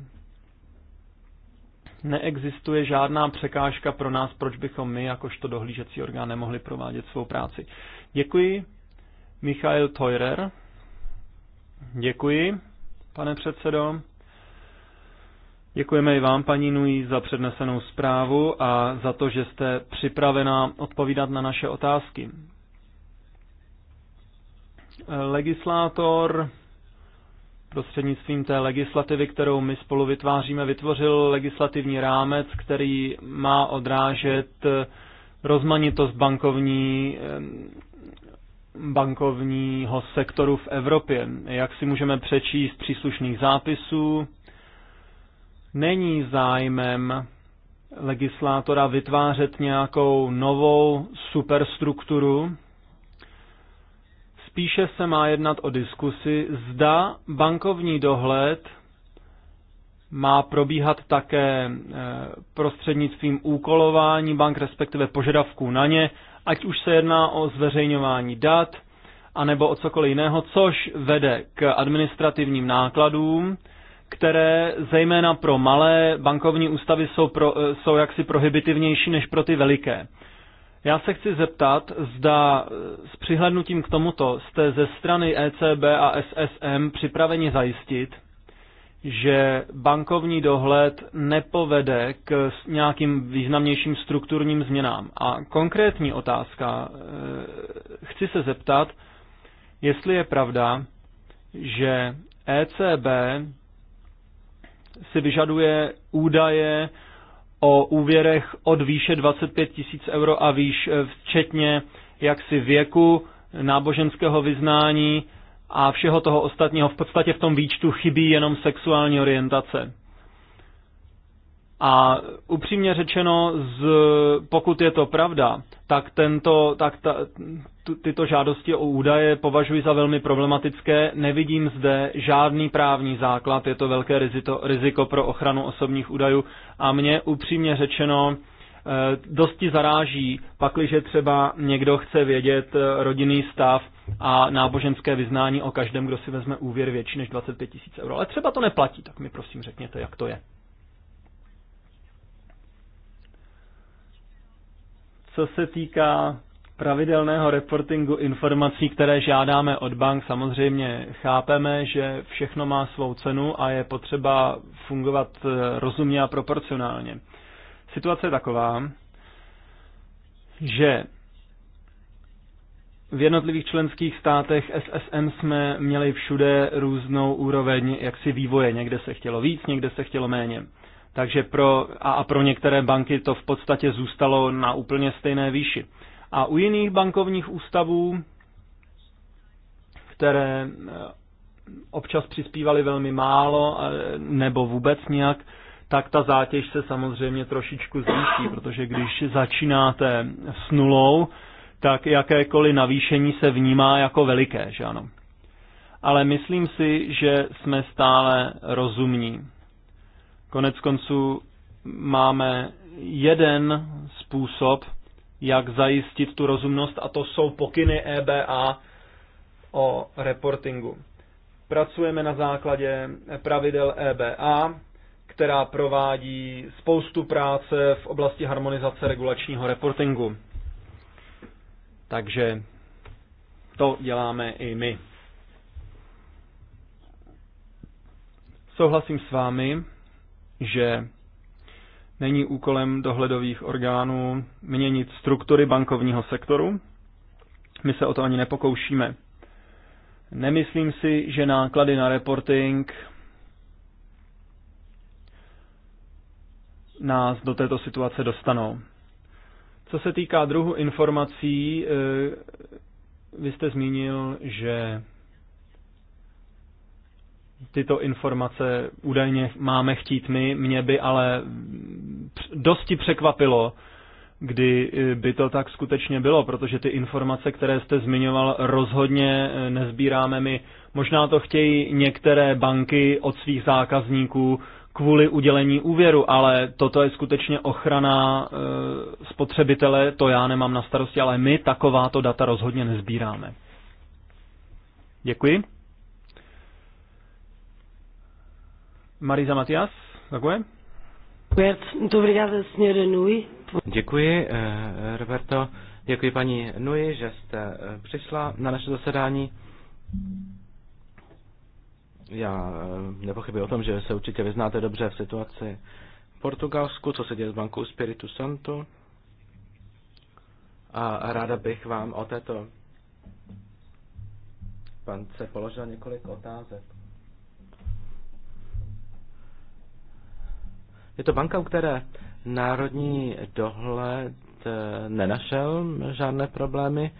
Neexistuje žádná překážka pro nás, proč bychom my, jakožto dohlížecí orgán, nemohli provádět svou práci. Děkuji. Michael Teurer. Děkuji, pane předsedo. Děkujeme i vám, paní Nui, za přednesenou zprávu a za to, že jste připravena odpovídat na naše otázky. Legislátor prostřednictvím té legislativy, kterou my spolu vytváříme, vytvořil legislativní rámec, který má odrážet rozmanitost bankovní bankovního sektoru v Evropě. Jak si můžeme přečíst příslušných zápisů, není zájmem legislátora vytvářet nějakou novou superstrukturu. Spíše se má jednat o diskusi, zda bankovní dohled má probíhat také eh, prostřednictvím úkolování bank, respektive požadavků na ně, ať už se jedná o zveřejňování dat, anebo o cokoliv jiného, což vede k administrativním nákladům, které zejména pro malé bankovní ústavy jsou, pro, eh, jsou jaksi prohibitivnější než pro ty veliké. Já se chci zeptat, zda eh, s přihlednutím k tomuto jste ze strany ECB a SSM připraveni zajistit, že bankovní dohled nepovede k nějakým významnějším strukturním změnám. A konkrétní otázka, e, chci se zeptat, jestli je pravda, že ECB si vyžaduje údaje o úvěrech od výše 25 tisíc euro a výš, e, včetně jaksi věku, e, náboženského vyznání, a všeho toho ostatního. V podstatě v tom výčtu chybí jenom sexuální orientace. A upřímně řečeno, z, pokud je to pravda, tak, tento, tak ta, tyto žádosti o údaje považuji za velmi problematické. Nevidím zde žádný právní základ, je to velké riziko, riziko pro ochranu osobních údajů. A mě upřímně řečeno, eh, dosti zaráží, pakliže třeba někdo chce vědět eh, rodinný stav a náboženské vyznání o každém, kdo si vezme úvěr větší než 25 tisíc euro. Ale třeba to neplatí, tak mi prosím řekněte, jak to je. Co se týká pravidelného reportingu informací, které žádáme od bank, samozřejmě chápeme, že všechno má svou cenu a je potřeba fungovat eh, rozumně a proporcionálně. Situace je taková, že v jednotlivých členských státech SSM jsme měli všude různou úroveň jaksi vývoje. Někde se chtělo víc, někde se chtělo méně. Takže pro, a, a pro některé banky to v podstatě zůstalo na úplně stejné výši. A u jiných bankovních ústavů, které eh, občas přispívaly velmi málo eh, nebo vůbec nějak, tak ta zátěž se samozřejmě trošičku zvýší, protože když začínáte s nulou, tak jakékoliv navýšení se vnímá jako veliké, že ano. Ale myslím si, že jsme stále rozumní. Konec konců máme jeden způsob, jak zajistit tu rozumnost, a to jsou pokyny EBA o reportingu. Pracujeme na základě pravidel EBA, která provádí spoustu práce v oblasti harmonizace regulačního reportingu. Takže to děláme i my. Souhlasím s vámi, že není úkolem dohledových orgánů měnit struktury bankovního sektoru. My se o to ani nepokoušíme. Nemyslím si, že náklady na reporting nás do této situace dostanou. Co se týká druhu informací, eh, vy jste zmínil, že tyto informace údajně máme chtít my, mě by ale dosti překvapilo, kdy eh, by to tak skutečně bylo, protože ty informace, které jste zmiňoval, rozhodně eh, nezbíráme my. Možná to chtějí některé banky od svých zákazníků, kvůli udělení úvěru, ale toto je skutečně ochrana e, spotřebitele, to já nemám na starosti, ale my takováto data rozhodně nezbíráme. Děkuji. Marisa Matias, takové? Děkuji, eh, Roberto. Děkuji paní Nui, že jste eh, přišla na naše zasedání. Já eh, nepochybuji o tom, že se určitě vyznáte dobře v situaci v Portugalsku, co se děje s bankou Spiritu Santo. A ráda bych vám o této bance položila několik otázek. Je to banka, u které národní dohled eh, nenašel žádné problémy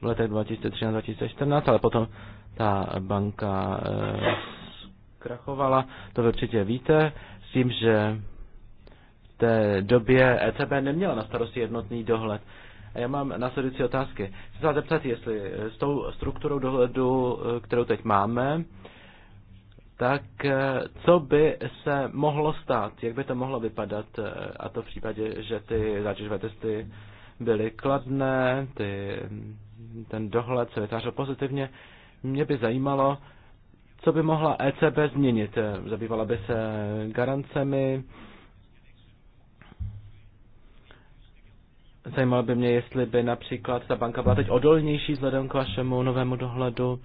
v letech 2013-2014, ale potom ta banka eh, zkrachovala, to vy určitě víte, s tím, že v té době ECB neměla na starosti jednotný dohled. A já mám následující otázky. Chci se zeptat, jestli eh, s tou strukturou dohledu, eh, kterou teď máme, tak co by se mohlo stát, jak by to mohlo vypadat, a to v případě, že ty zátěžové testy byly kladné, ty, mm, ten dohled se vytvářel pozitivně, mě by zajímalo, co by mohla ECB změnit. Zabývala by se garancemi, Zajímalo by mě, jestli by například ta banka byla teď odolnější vzhledem k vašemu novému dohledu,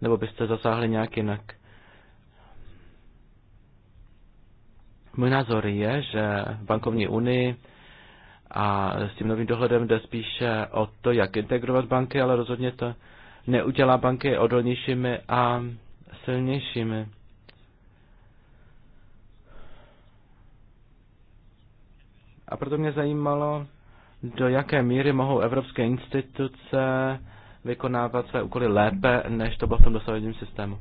nebo byste zasáhli nějak jinak. Můj názor je, že v bankovní unii a s tím novým dohledem jde spíše o to, jak integrovat banky, ale rozhodně to neudělá banky odolnějšími a silnějšími. A proto mě zajímalo, do jaké míry mohou evropské instituce vykonávat své úkoly lépe, než to bylo v tom dosavadním systému.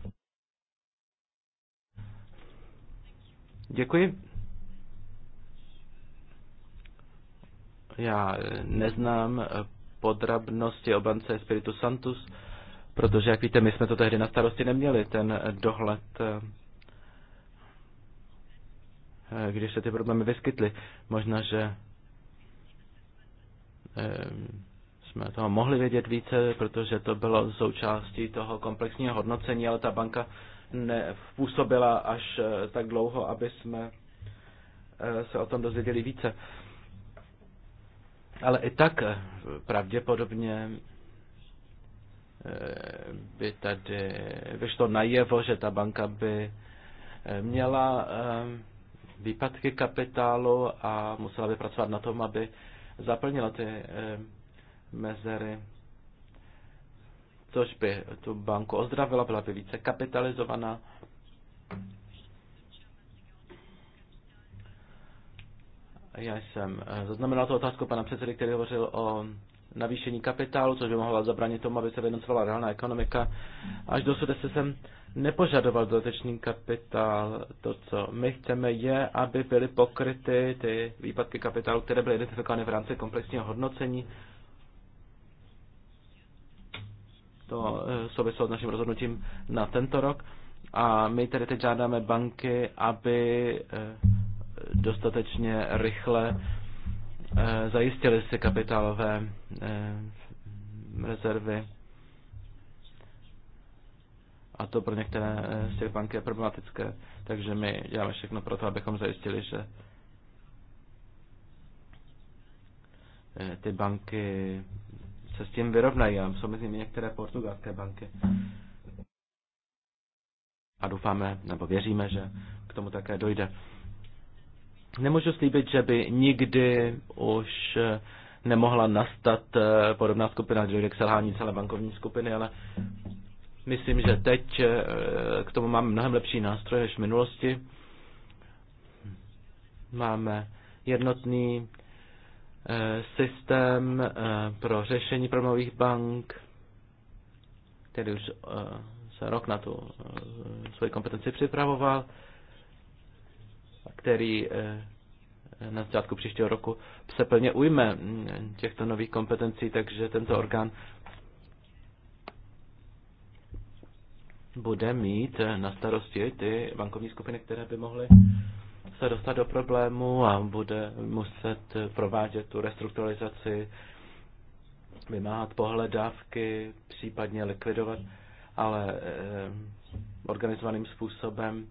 Děkuji. Já neznám podrobnosti o bance Spiritus Santus, protože, jak víte, my jsme to tehdy na starosti neměli, ten eh, dohled, eh, eh, když se ty problémy vyskytly. Možná, že jsme toho mohli vědět více, protože to bylo součástí toho komplexního hodnocení, ale ta banka nepůsobila až tak dlouho, aby jsme se o tom dozvěděli více. Ale i tak pravděpodobně Eh, by tady vyšlo najevo, že ta banka by eh, měla eh, výpadky kapitálu a musela by pracovat na tom, aby zaplnila ty mezery, což by tu banku ozdravila, byla by více kapitalizovaná. Já jsem zaznamenal tu otázku pana předsedy, který hovořil o navýšení kapitálu, což by mohlo zabránit tomu, aby se vynocovala reálná ekonomika. Až dosud se jsem nepožadoval dodatečný kapitál. To, co my chceme, je, aby byly pokryty ty výpadky kapitálu, které byly identifikovány v rámci komplexního hodnocení. To eh, souviselo s naším rozhodnutím na tento rok. A my tedy teď žádáme banky, aby eh, dostatečně rychle Eh, zajistili si kapitálové eh, rezervy. A to pro některé eh, z těch bank je problematické. Takže my děláme všechno pro to, abychom zajistili, že ty banky se s tím vyrovnají. A jsou mezi nimi některé portugalské banky. A doufáme, nebo věříme, že k tomu také dojde. Nemůžu slíbit, že by nikdy už eh, nemohla nastat eh, podobná skupina, že k selhání celé bankovní skupiny, ale myslím, že teď eh, k tomu máme mnohem lepší nástroje než v minulosti. Máme jednotný systém pro řešení problémových bank, který už se rok na tu svoji kompetenci připravoval který eh, na začátku příštího roku se plně ujme mm, těchto nových kompetencí, takže tento orgán bude mít eh, na starosti ty bankovní skupiny, které by mohly se dostat do problému a bude muset eh, provádět tu restrukturalizaci, vymáhat pohledávky, případně likvidovat, ale organizovaným způsobem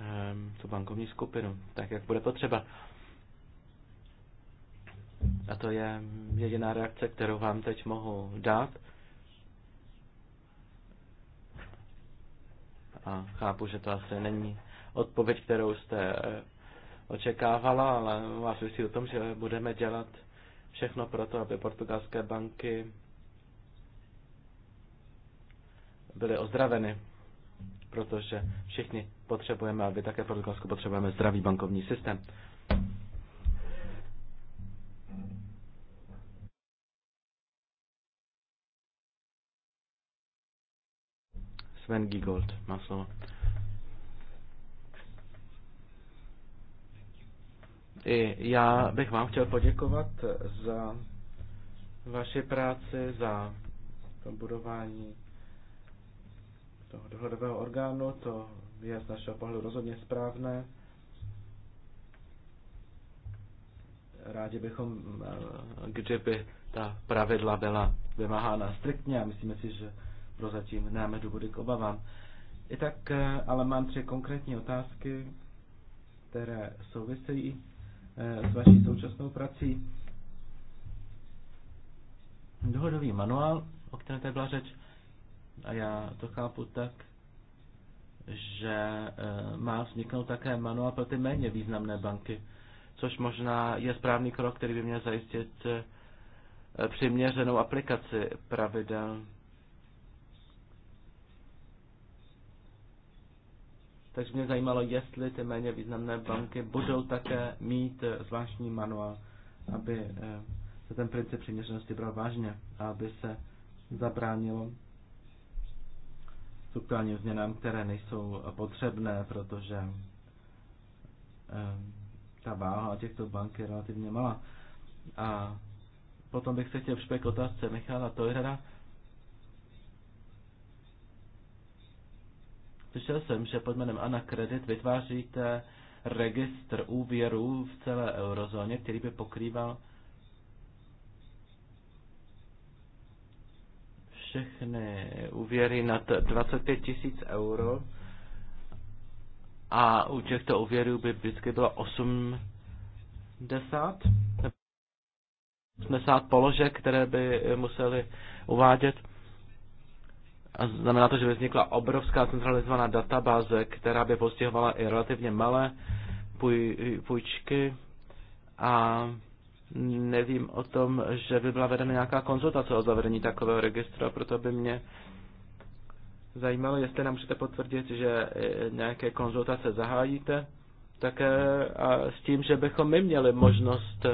Ehm, tu bankovní skupinu, tak jak bude potřeba. A to je jediná reakce, kterou vám teď mohu dát. A chápu, že to asi není odpověď, kterou jste eh, očekávala, ale vás si o tom, že budeme dělat všechno pro to, aby portugalské banky byly ozdraveny protože všichni potřebujeme, a vy také v Portugalsku potřebujeme zdravý bankovní systém. Sven Gigold má slovo. I já bych vám chtěl poděkovat za vaši práci, za to budování toho dohledového orgánu, to je z našeho pohledu rozhodně správné. Rádi bychom, eh, kdyby ta pravidla byla vymáhána striktně a myslíme si, že prozatím nemáme důvody k obavám. I tak eh, ale mám tři konkrétní otázky, které souvisejí eh, s vaší současnou prací. Dohodový manuál, o kterém tady byla řeč, a já to chápu tak, že eh, má vzniknout také manuál pro ty méně významné banky, což možná je správný krok, který by měl zajistit eh, přiměřenou aplikaci pravidel. Takže mě zajímalo, jestli ty méně významné banky budou také mít eh, zvláštní manuál, aby se ten princip přiměřenosti bral vážně a aby se zabránilo strukturálním změnám, které nejsou potřebné, protože eh, ta váha těchto bank je relativně malá. A potom bych se chtěl připravit k otázce Michala Tojrera. Slyšel jsem, že pod jménem Ana Kredit vytváříte registr úvěrů v celé eurozóně, který by pokrýval všechny úvěry nad 25 tisíc euro a u těchto úvěrů by vždycky bylo 80, 80 položek, které by museli uvádět. A znamená to, že by vznikla obrovská centralizovaná databáze, která by postihovala i relativně malé půj, půjčky a nevím o tom, že by byla vedena nějaká konzultace o zavedení takového registru, proto by mě zajímalo, jestli nám můžete potvrdit, že e, nějaké konzultace zahájíte, také a s tím, že bychom my měli možnost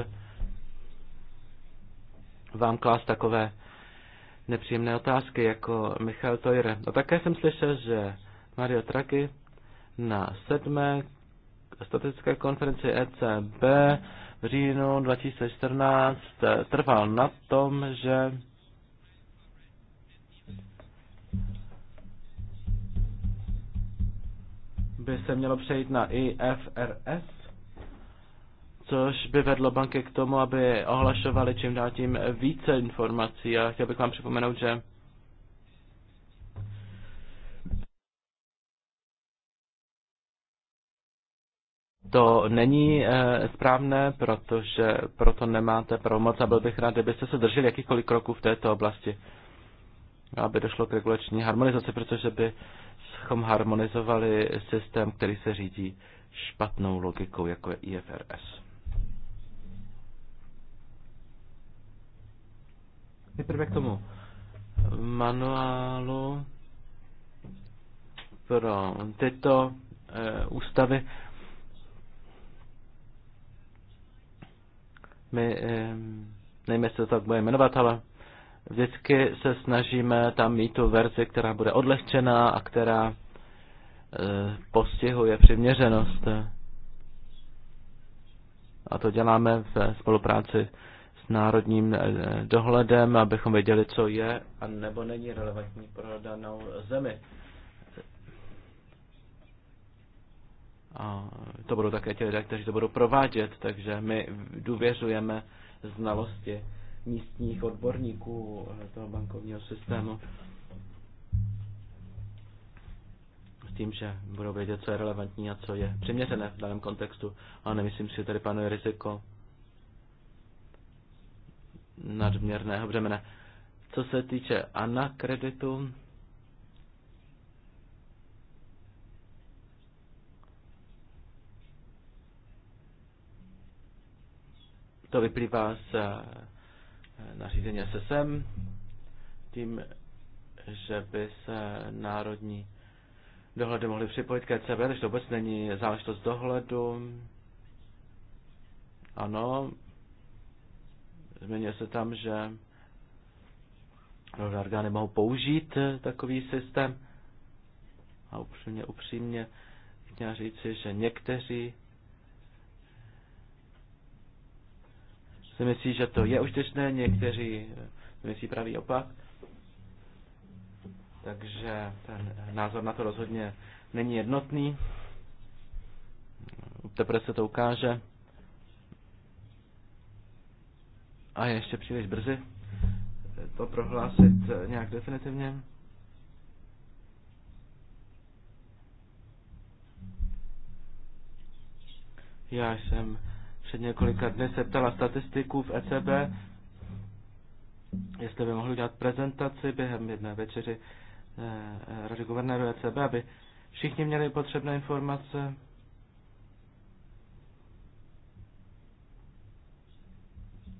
vám klást takové nepříjemné otázky jako Michal Tojre. A také jsem slyšel, že Mario Traky na sedmé statistické konferenci ECB říjnu 2014 eh, trval na tom, že by se mělo přejít na IFRS, což by vedlo banky k tomu, aby ohlašovali čím dál tím více informací. A chtěl bych vám připomenout, že to není eh, správné, protože proto nemáte pravomoc a byl bych rád, kdybyste se drželi jakýchkoliv kroků v této oblasti, aby došlo k regulační harmonizaci, protože bychom harmonizovali systém, který se řídí špatnou logikou, jako je IFRS. Nejprve k tomu manuálu pro tyto eh, ústavy my, nevím, jestli to tak bude jmenovat, ale vždycky se snažíme tam mít tu verzi, která bude odlehčená a která eh, postihuje přiměřenost. A to děláme v spolupráci s národním eh, dohledem, abychom věděli, co je a nebo není relevantní pro danou zemi. A to budou také ti lidé, kteří to budou provádět, takže my důvěřujeme znalosti místních odborníků eh, toho bankovního systému s tím, že budou vědět, co je relevantní a co je přiměřené v daném kontextu. A nemyslím si, že tady panuje riziko nadměrného břemene. Co se týče anakreditu, To vyplývá z eh, nařízení SSM, tím, že by se národní dohledy mohly připojit ke CB, takže to vůbec není záležitost dohledu. Ano, změní se tam, že dohledné orgány mohou použít eh, takový systém. A upřímně, upřímně měl říci, že někteří si myslí, že to je užitečné, někteří si myslí pravý opak. Takže ten názor na to rozhodně není jednotný. Teprve se to ukáže. A je ještě příliš brzy to prohlásit nějak definitivně. Já jsem před několika dny se ptala statistiků v ECB, jestli by mohli udělat prezentaci během jedné večeři eh, eh Rady guvernéru ECB, aby všichni měli potřebné informace.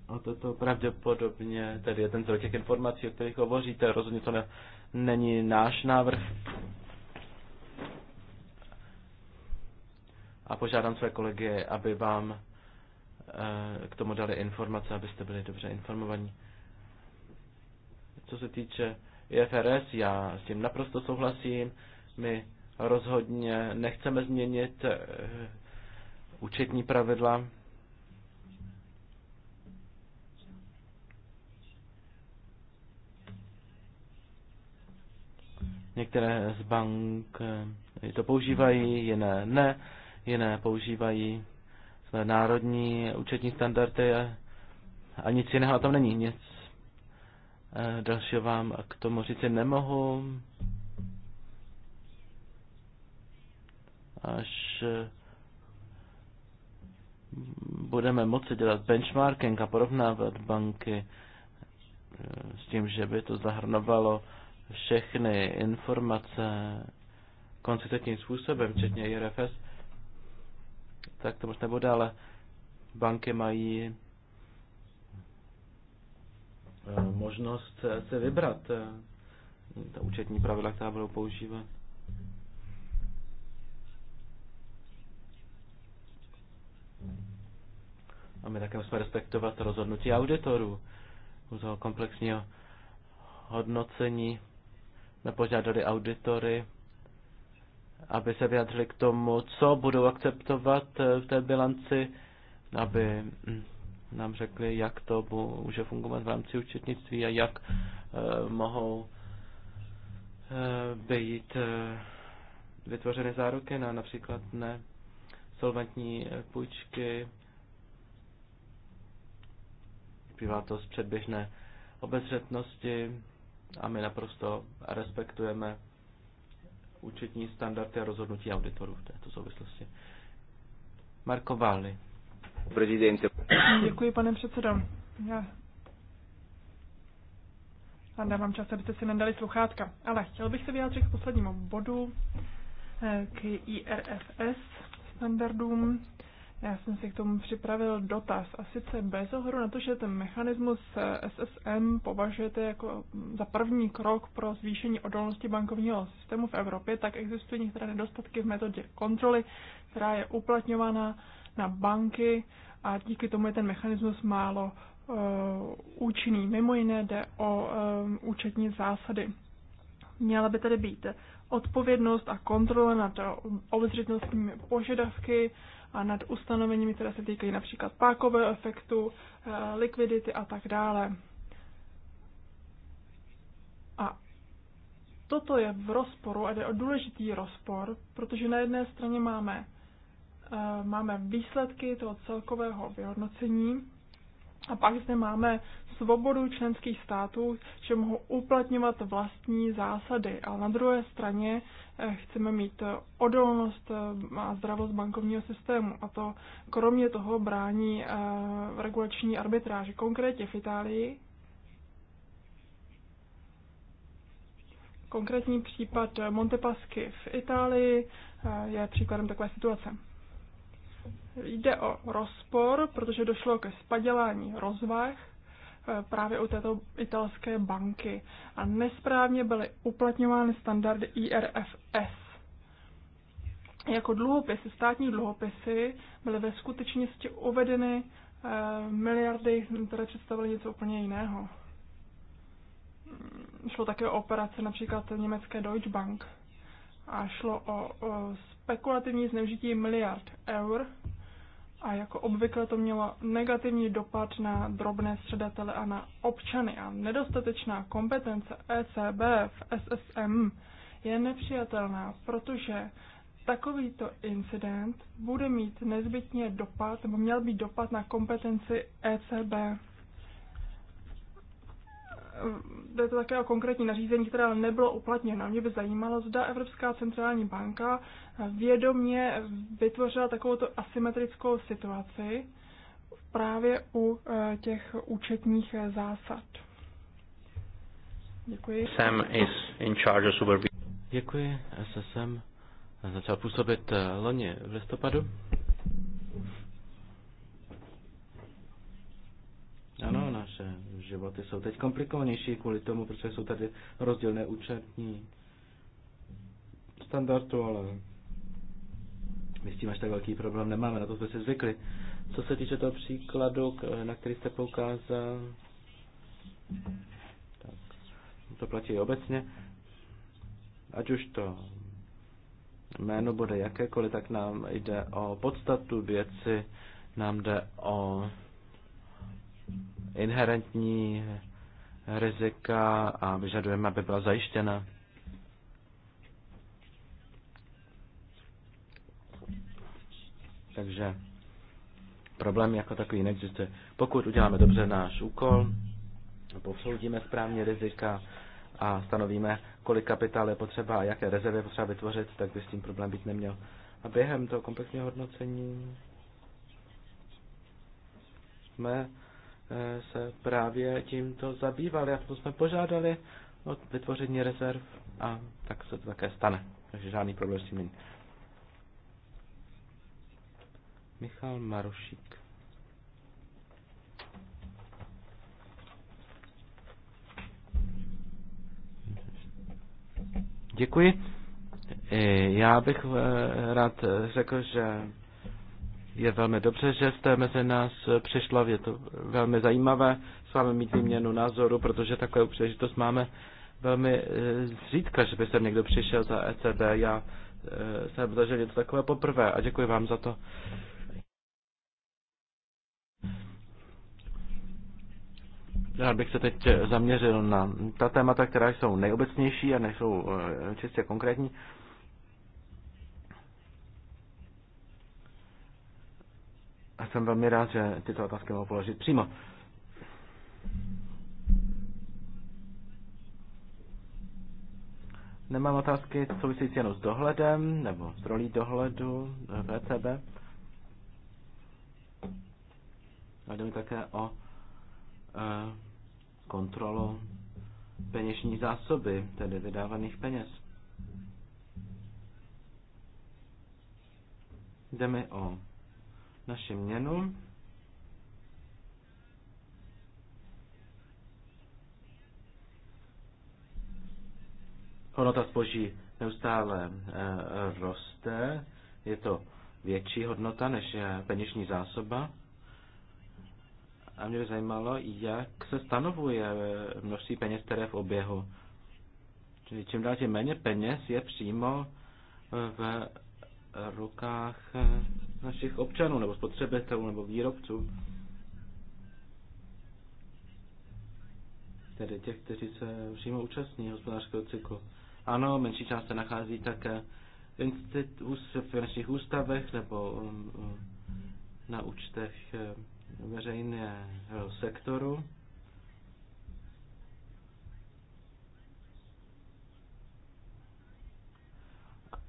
A toto pravděpodobně tedy je ten těch informací, o kterých hovoříte. Rozhodně to ne, není náš návrh. A požádám své kolegy, aby vám Eh, k tomu dali informace, abyste byli dobře informovaní. Co se týče IFRS, já s tím naprosto souhlasím. My rozhodně nechceme změnit eh, účetní pravidla. Některé z bank eh, to používají, jiné ne, jiné používají národní účetní standardy a nic jiného tam není. Nic eh, dalšího vám k tomu říci nemohu. Až eh, budeme moci dělat benchmarking a porovnávat banky eh, s tím, že by to zahrnovalo všechny informace konzistentním způsobem, včetně IRFS, tak to možná bude, ale banky mají eh, možnost eh, se vybrat eh, ta účetní pravidla, která budou používat. A my také musíme respektovat rozhodnutí auditorů u toho komplexního hodnocení. Nepožádali auditory aby se vyjadřili k tomu, co budou akceptovat eh, v té bilanci, aby mm, nám řekli, jak to může fungovat v rámci účetnictví a jak eh, mohou eh, být vytvořeny záruky na například ne solventní půjčky. Vyplývá to z předběžné obezřetnosti a my naprosto respektujeme účetní standardy a rozhodnutí auditorů v této souvislosti. Marko Valli. Děkuji, pane předsedo. Já a dávám čas, abyste si nedali sluchátka. Ale chtěl bych se vyjádřit k poslednímu bodu, eh, k IRFS standardům. Já jsem si k tomu připravil dotaz a sice bez ohru na to, že ten mechanismus SSM považujete jako za první krok pro zvýšení odolnosti bankovního systému v Evropě, tak existují některé nedostatky v metodě kontroly, která je uplatňována na banky a díky tomu je ten mechanismus málo uh, účinný. Mimo jiné jde o um, účetní zásady. Měla by tedy být odpovědnost a kontrola nad eh, obezřetnostními požadavky, uh, a nad ustanoveními, které se týkají například pákového efektu, eh, likvidity a tak dále. A toto je v rozporu, a jde o důležitý rozpor, protože na jedné straně máme, eh, máme výsledky toho celkového vyhodnocení a pak zde máme svobodu členských států, že mohou uplatňovat vlastní zásady. A na druhé straně eh, chceme mít eh, odolnost eh, a zdravost bankovního systému. A to kromě toho brání regulační arbitráže. Konkrétně v Itálii Konkrétní případ Montepasky v Itálii je příkladem takové situace. Jde o rozpor, protože došlo ke spadělání rozvah eh, právě u této italské banky a nesprávně byly uplatňovány standardy IRFS. Jako dluhopisy, státní dluhopisy, byly ve skutečnosti uvedeny eh, miliardy, které představily něco úplně jiného. Hmm, šlo také o operace například německé Deutsche Bank a šlo o, o spekulativní zneužití miliard eur a jako obvykle to mělo negativní dopad na drobné středatele a na občany. A nedostatečná kompetence ECB v SSM je nepřijatelná, protože takovýto incident bude mít nezbytně dopad, nebo měl být dopad na kompetenci ECB. Eh, jde to také o konkrétní nařízení, které nebylo uplatněno. Mě by zajímalo, zda Evropská centrální banka eh, vědomě vytvořila takovou asymetrickou situaci právě u eh, těch účetních zásad. Děkuji. Sam is in charge of supervision. Děkuji. SSM začal působit loni v listopadu. Ano, naše životy jsou teď komplikovanější kvůli tomu, protože jsou tady rozdílné účetní standardu, ale my s tím až tak velký problém nemáme, na to jsme si zvykli. Co se týče toho příkladu, na který jste poukázal, tak to platí obecně. Ať už to jméno bude jakékoliv, tak nám jde o podstatu věci, nám jde o inherentní rizika a vyžadujeme, aby byla zajištěna. Takže problém jako takový neexistuje. Pokud uděláme dobře náš úkol, posoudíme správně rizika a stanovíme, kolik kapitálu je potřeba a jaké rezervy je potřeba vytvořit, tak by s tím problém být neměl. A během toho komplexního hodnocení jsme Eh, se právě tímto zabývali a proto jsme požádali o vytvoření rezerv a tak se to také stane. Takže žádný problém s tím není. Michal Marušík. Děkuji. Eh, já bych eh, rád řekl, že je velmi dobře, že jste mezi nás přišla. Je to velmi zajímavé s vámi mít výměnu názoru, protože takové příležitost máme velmi eh, zřídka, že by sem někdo přišel za ECB. Já eh, jsem zažil něco takové poprvé a děkuji vám za to. Já bych se teď zaměřil na ta témata, která jsou nejobecnější a nejsou eh, čistě konkrétní. A jsem velmi rád, že tyto otázky mohu položit přímo. Nemám otázky související jenom s dohledem nebo s rolí dohledu VCB. E Ale jde mi také o e, kontrolu peněžní zásoby, tedy vydávaných peněz. Jde mi o naši měnu. Hodnota zboží neustále eh, roste, je to větší hodnota než je eh, peněžní zásoba. A mě by zajímalo, jak se stanovuje eh, množství peněz, které v oběhu. Čili čím dál tím méně peněz je přímo v rukách eh, našich občanů nebo spotřebitelů nebo výrobců. Tedy těch, kteří se přímo účastní hospodářského cyklu. Ano, menší část se nachází také v, finančních ústavech nebo mm, mm, na účtech eh, veřejného sektoru.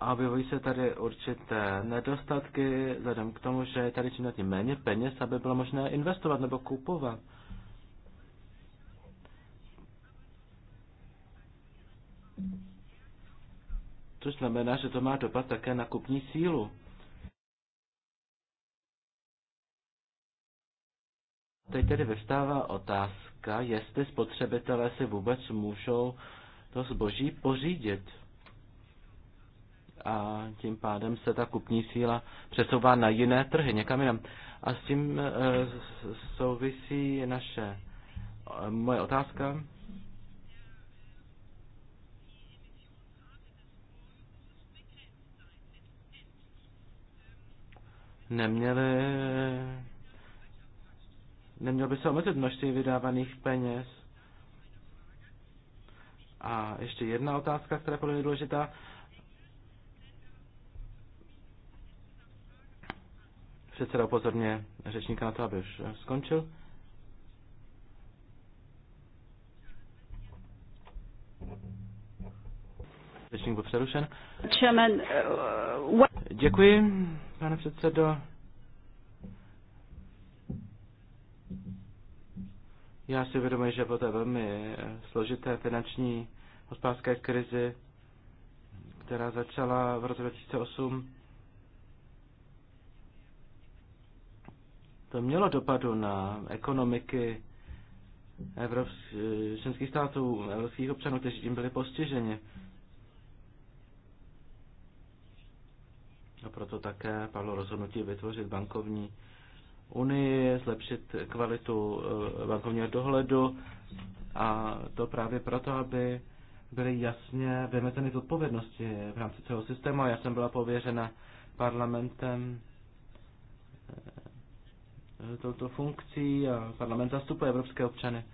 a se tady určité nedostatky vzhledem k tomu, že je tady čím tím méně peněz, aby bylo možné investovat nebo kupovat. Což znamená, že to má dopad také na kupní sílu. Teď tedy vystává otázka, jestli spotřebitelé si vůbec můžou to zboží pořídit a tím pádem se ta kupní síla přesouvá na jiné trhy, někam jinam. A s tím eh, souvisí naše eh, moje otázka. Neměli, neměl by se omezit množství vydávaných peněz. A ještě jedna otázka, která je důležitá. Předseda upozorně řečníka na to, aby už eh, skončil. Řečník byl přerušen. Eh, Děkuji, pane předsedo. Já si uvědomuji, že po té velmi eh, složité finanční hospodářské krizi, která začala v roce 2008, to mělo dopadu na ekonomiky evropských, členských států, evropských občanů, kteří tím byli postiženi. A proto také padlo rozhodnutí vytvořit bankovní unii, zlepšit kvalitu eh, bankovního dohledu a to právě proto, aby byly jasně vymezeny odpovědnosti v rámci celého systému. Já jsem byla pověřena parlamentem eh, Eh, touto funkcí a parlament zastupuje evropské občany.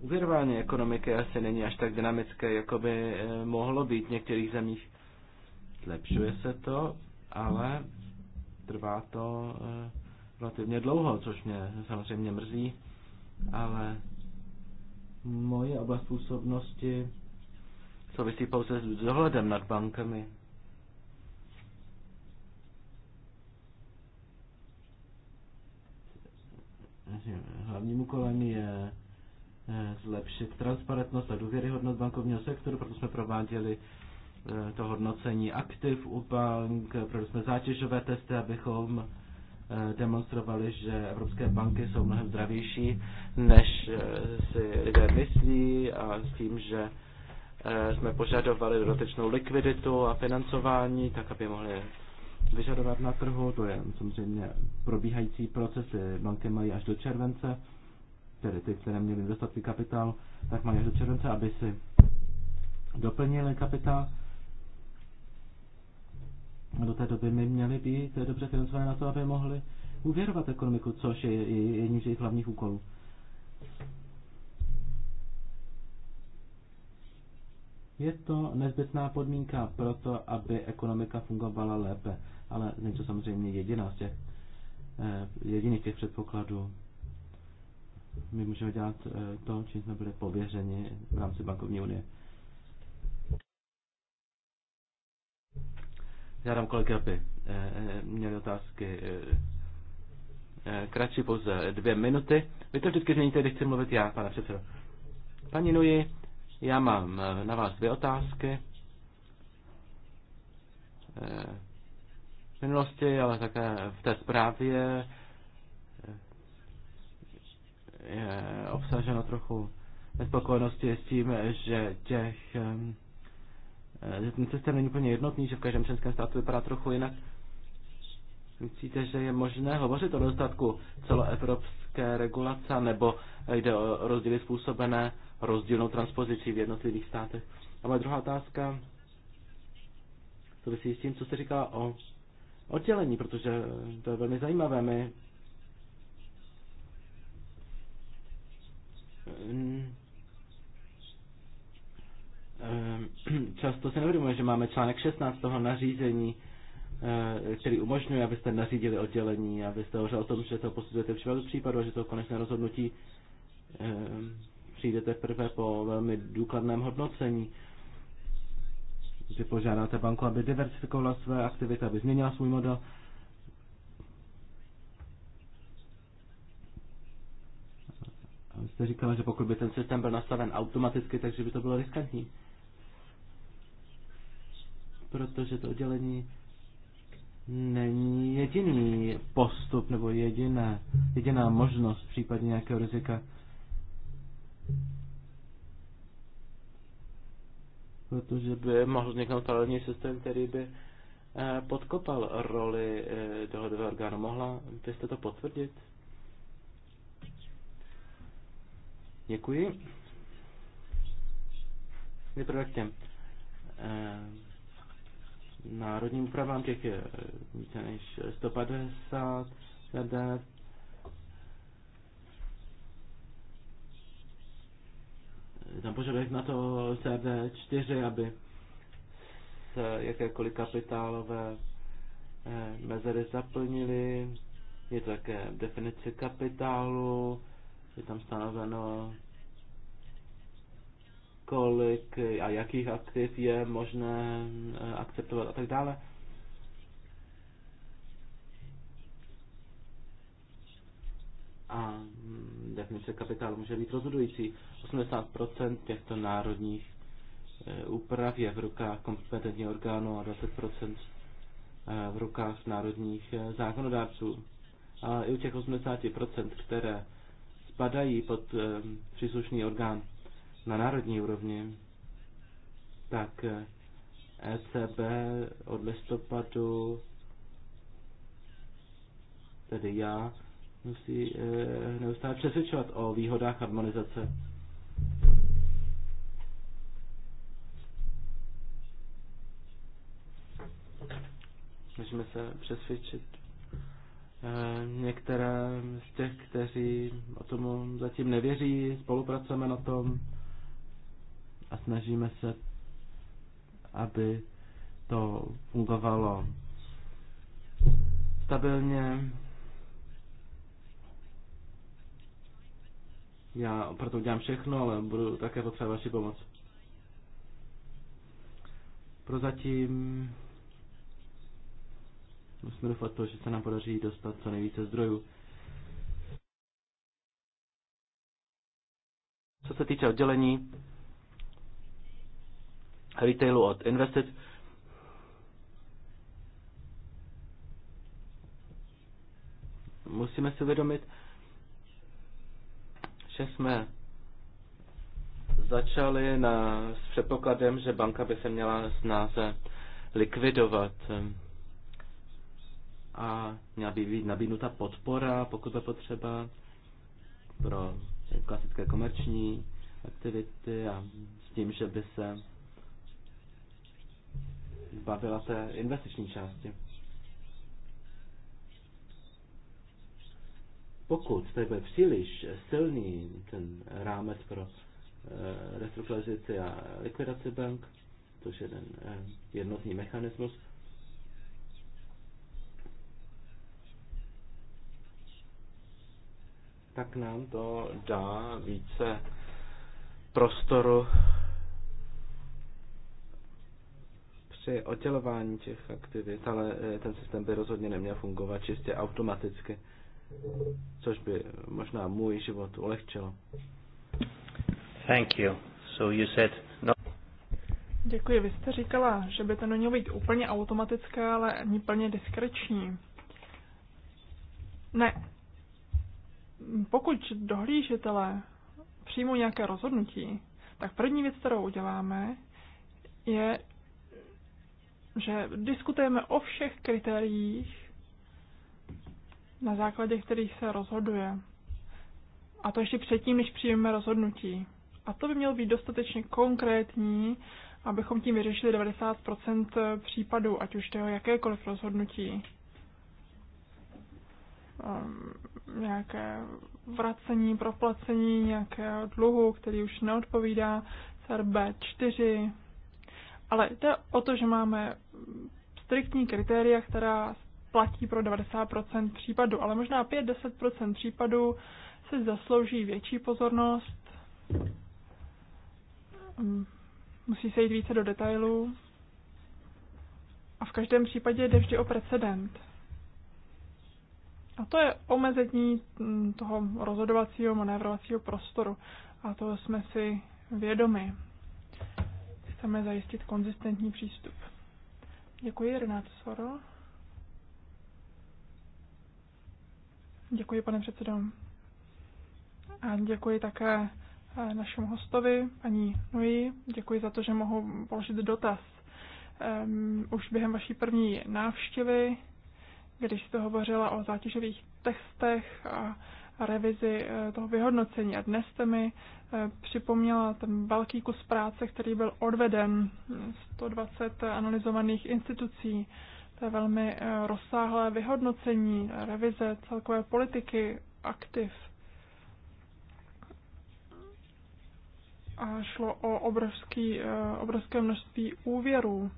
Uvěrování ekonomiky asi není až tak dynamické, jako by eh, mohlo být v některých zemích. Zlepšuje se to, ale trvá to eh, relativně dlouho, což mě samozřejmě mrzí, ale moje oblast působnosti souvisí pouze s dohledem nad bankami. Hlavním úkolem je eh, zlepšit transparentnost a důvěryhodnost bankovního sektoru, proto jsme prováděli eh, to hodnocení aktiv u bank, proto jsme zátěžové testy, abychom eh, demonstrovali, že evropské banky jsou mnohem zdravější, než si lidé myslí a s tím, že Eh, jsme požadovali dodatečnou likviditu a financování, tak aby mohli vyžadovat na trhu. To je samozřejmě probíhající procesy. Eh, banky mají až do července, tedy ty, které měly dostatky kapitál, tak mají až do července, aby si doplnili kapitál. A do té doby my měli být eh, dobře financované na to, aby mohli uvěrovat ekonomiku, což je jedním z jejich hlavních úkolů. Je to nezbytná podmínka pro to, aby ekonomika fungovala lépe, ale není to samozřejmě jediná z těch, eh, jediných těch předpokladů. My můžeme dělat eh, to, čím jsme byli pověřeni v rámci bankovní unie. Žádám kolegy, aby eh, měli otázky kratší pouze dvě minuty. Vy to vždycky změníte, když chci mluvit já, pane předsedo. Paní Nui, já mám eh, na vás dvě otázky. Eh, v minulosti, ale také v té zprávě eh, je obsaženo trochu nespokojenosti s tím, že těch že ten systém není úplně jednotný, že v každém členském státu vypadá trochu jinak. Myslíte, že je možné hovořit o dostatku celoevropské regulace, nebo jde o rozdíly způsobené rozdílnou transpozici v jednotlivých státech. A moje druhá otázka si s tím, co se říká o oddělení, protože to je velmi zajímavé. My ehm, často se nevědomuje, že máme článek 16 toho nařízení, eh, který umožňuje, abyste nařídili oddělení, abyste hovořil o tom, že to posuzujete v případu případu a že to konečné rozhodnutí ehm, přijde teprve po velmi důkladném hodnocení. Že požádáte banku, aby diversifikovala své aktivity, aby změnila svůj model. Vy jste říkala, že pokud by ten systém byl nastaven automaticky, takže by to bylo riskantní. Protože to oddělení není jediný postup nebo jediné, jediná možnost v případě nějakého rizika. Protože by mohl vzniknout paralelní systém, který by eh, podkopal roli eh, dohledového orgánu. Mohla byste to potvrdit? Děkuji. Nejprve k těm eh, národním úpravám těch je více než 150 jader, tam požadavek na to CD4, aby se jakékoliv kapitálové eh, mezery zaplnily. Je to také definice kapitálu, je tam stanoveno kolik a jakých aktiv je možné eh, akceptovat a tak dále. a definice kapitálu může být rozhodující. 80% těchto národních eh, úprav je v rukách kompetentního orgánu a 20% eh, v rukách národních eh, zákonodárců. A i u těch 80%, které spadají pod příslušný orgán na národní úrovni, tak ECB e od listopadu, tedy já, musí eh, neustále přesvědčovat o výhodách harmonizace. Můžeme se přesvědčit eh, některé z těch, kteří o tomu zatím nevěří, spolupracujeme na tom a snažíme se, aby to fungovalo stabilně, Já proto udělám všechno, ale budu také potřebovat vaši pomoc. Prozatím musíme doufat to, že se nám podaří dostat co nejvíce zdrojů. Co se týče oddělení retailu od investic, musíme si uvědomit, že jsme začali na, s předpokladem, že banka by se měla snáze likvidovat a měla by být nabídnuta podpora, pokud je potřeba, pro klasické komerční aktivity a s tím, že by se zbavila té investiční části. pokud tady bude příliš silný ten rámec pro eh, restrukturalizaci a likvidaci bank, což je ten eh, jednotný mechanismus, tak nám to dá více prostoru při oddělování těch aktivit, ale eh, ten systém by rozhodně neměl fungovat čistě automaticky což by možná můj život ulehčilo. Thank you. So you said no. Děkuji. Vy jste říkala, že by to nemělo být úplně automatické, ale ani plně diskreční. Ne. Pokud dohlížitelé přijmou nějaké rozhodnutí, tak první věc, kterou uděláme, je, že diskutujeme o všech kritériích na základě kterých se rozhoduje. A to ještě předtím, než přijmeme rozhodnutí. A to by mělo být dostatečně konkrétní, abychom tím vyřešili 90 případů, ať už jde o jakékoliv rozhodnutí. Um, nějaké vracení, proplacení nějakého dluhu, který už neodpovídá CRB 4. Ale jde o to, že máme striktní kritéria, která platí pro 90% případů, ale možná 5-10% případů si zaslouží větší pozornost. Mm, musí se jít více do detailů. A v každém případě jde vždy o precedent. A to je omezení mm, toho rozhodovacího manévrovacího prostoru. A to jsme si vědomi. Chceme zajistit konzistentní přístup. Děkuji, Renát Soro. Děkuji, pane předsedo. A děkuji také eh, našemu hostovi, paní Nui. Děkuji za to, že mohu položit dotaz. Um, už během vaší první návštěvy, když jste hovořila o zátěžových testech a revizi eh, toho vyhodnocení. A dnes jste mi eh, připomněla ten velký kus práce, který byl odveden 120 hm, analyzovaných institucí to je velmi eh, rozsáhlé vyhodnocení, revize celkové politiky, aktiv. A šlo o obrovský, eh, obrovské množství úvěrů.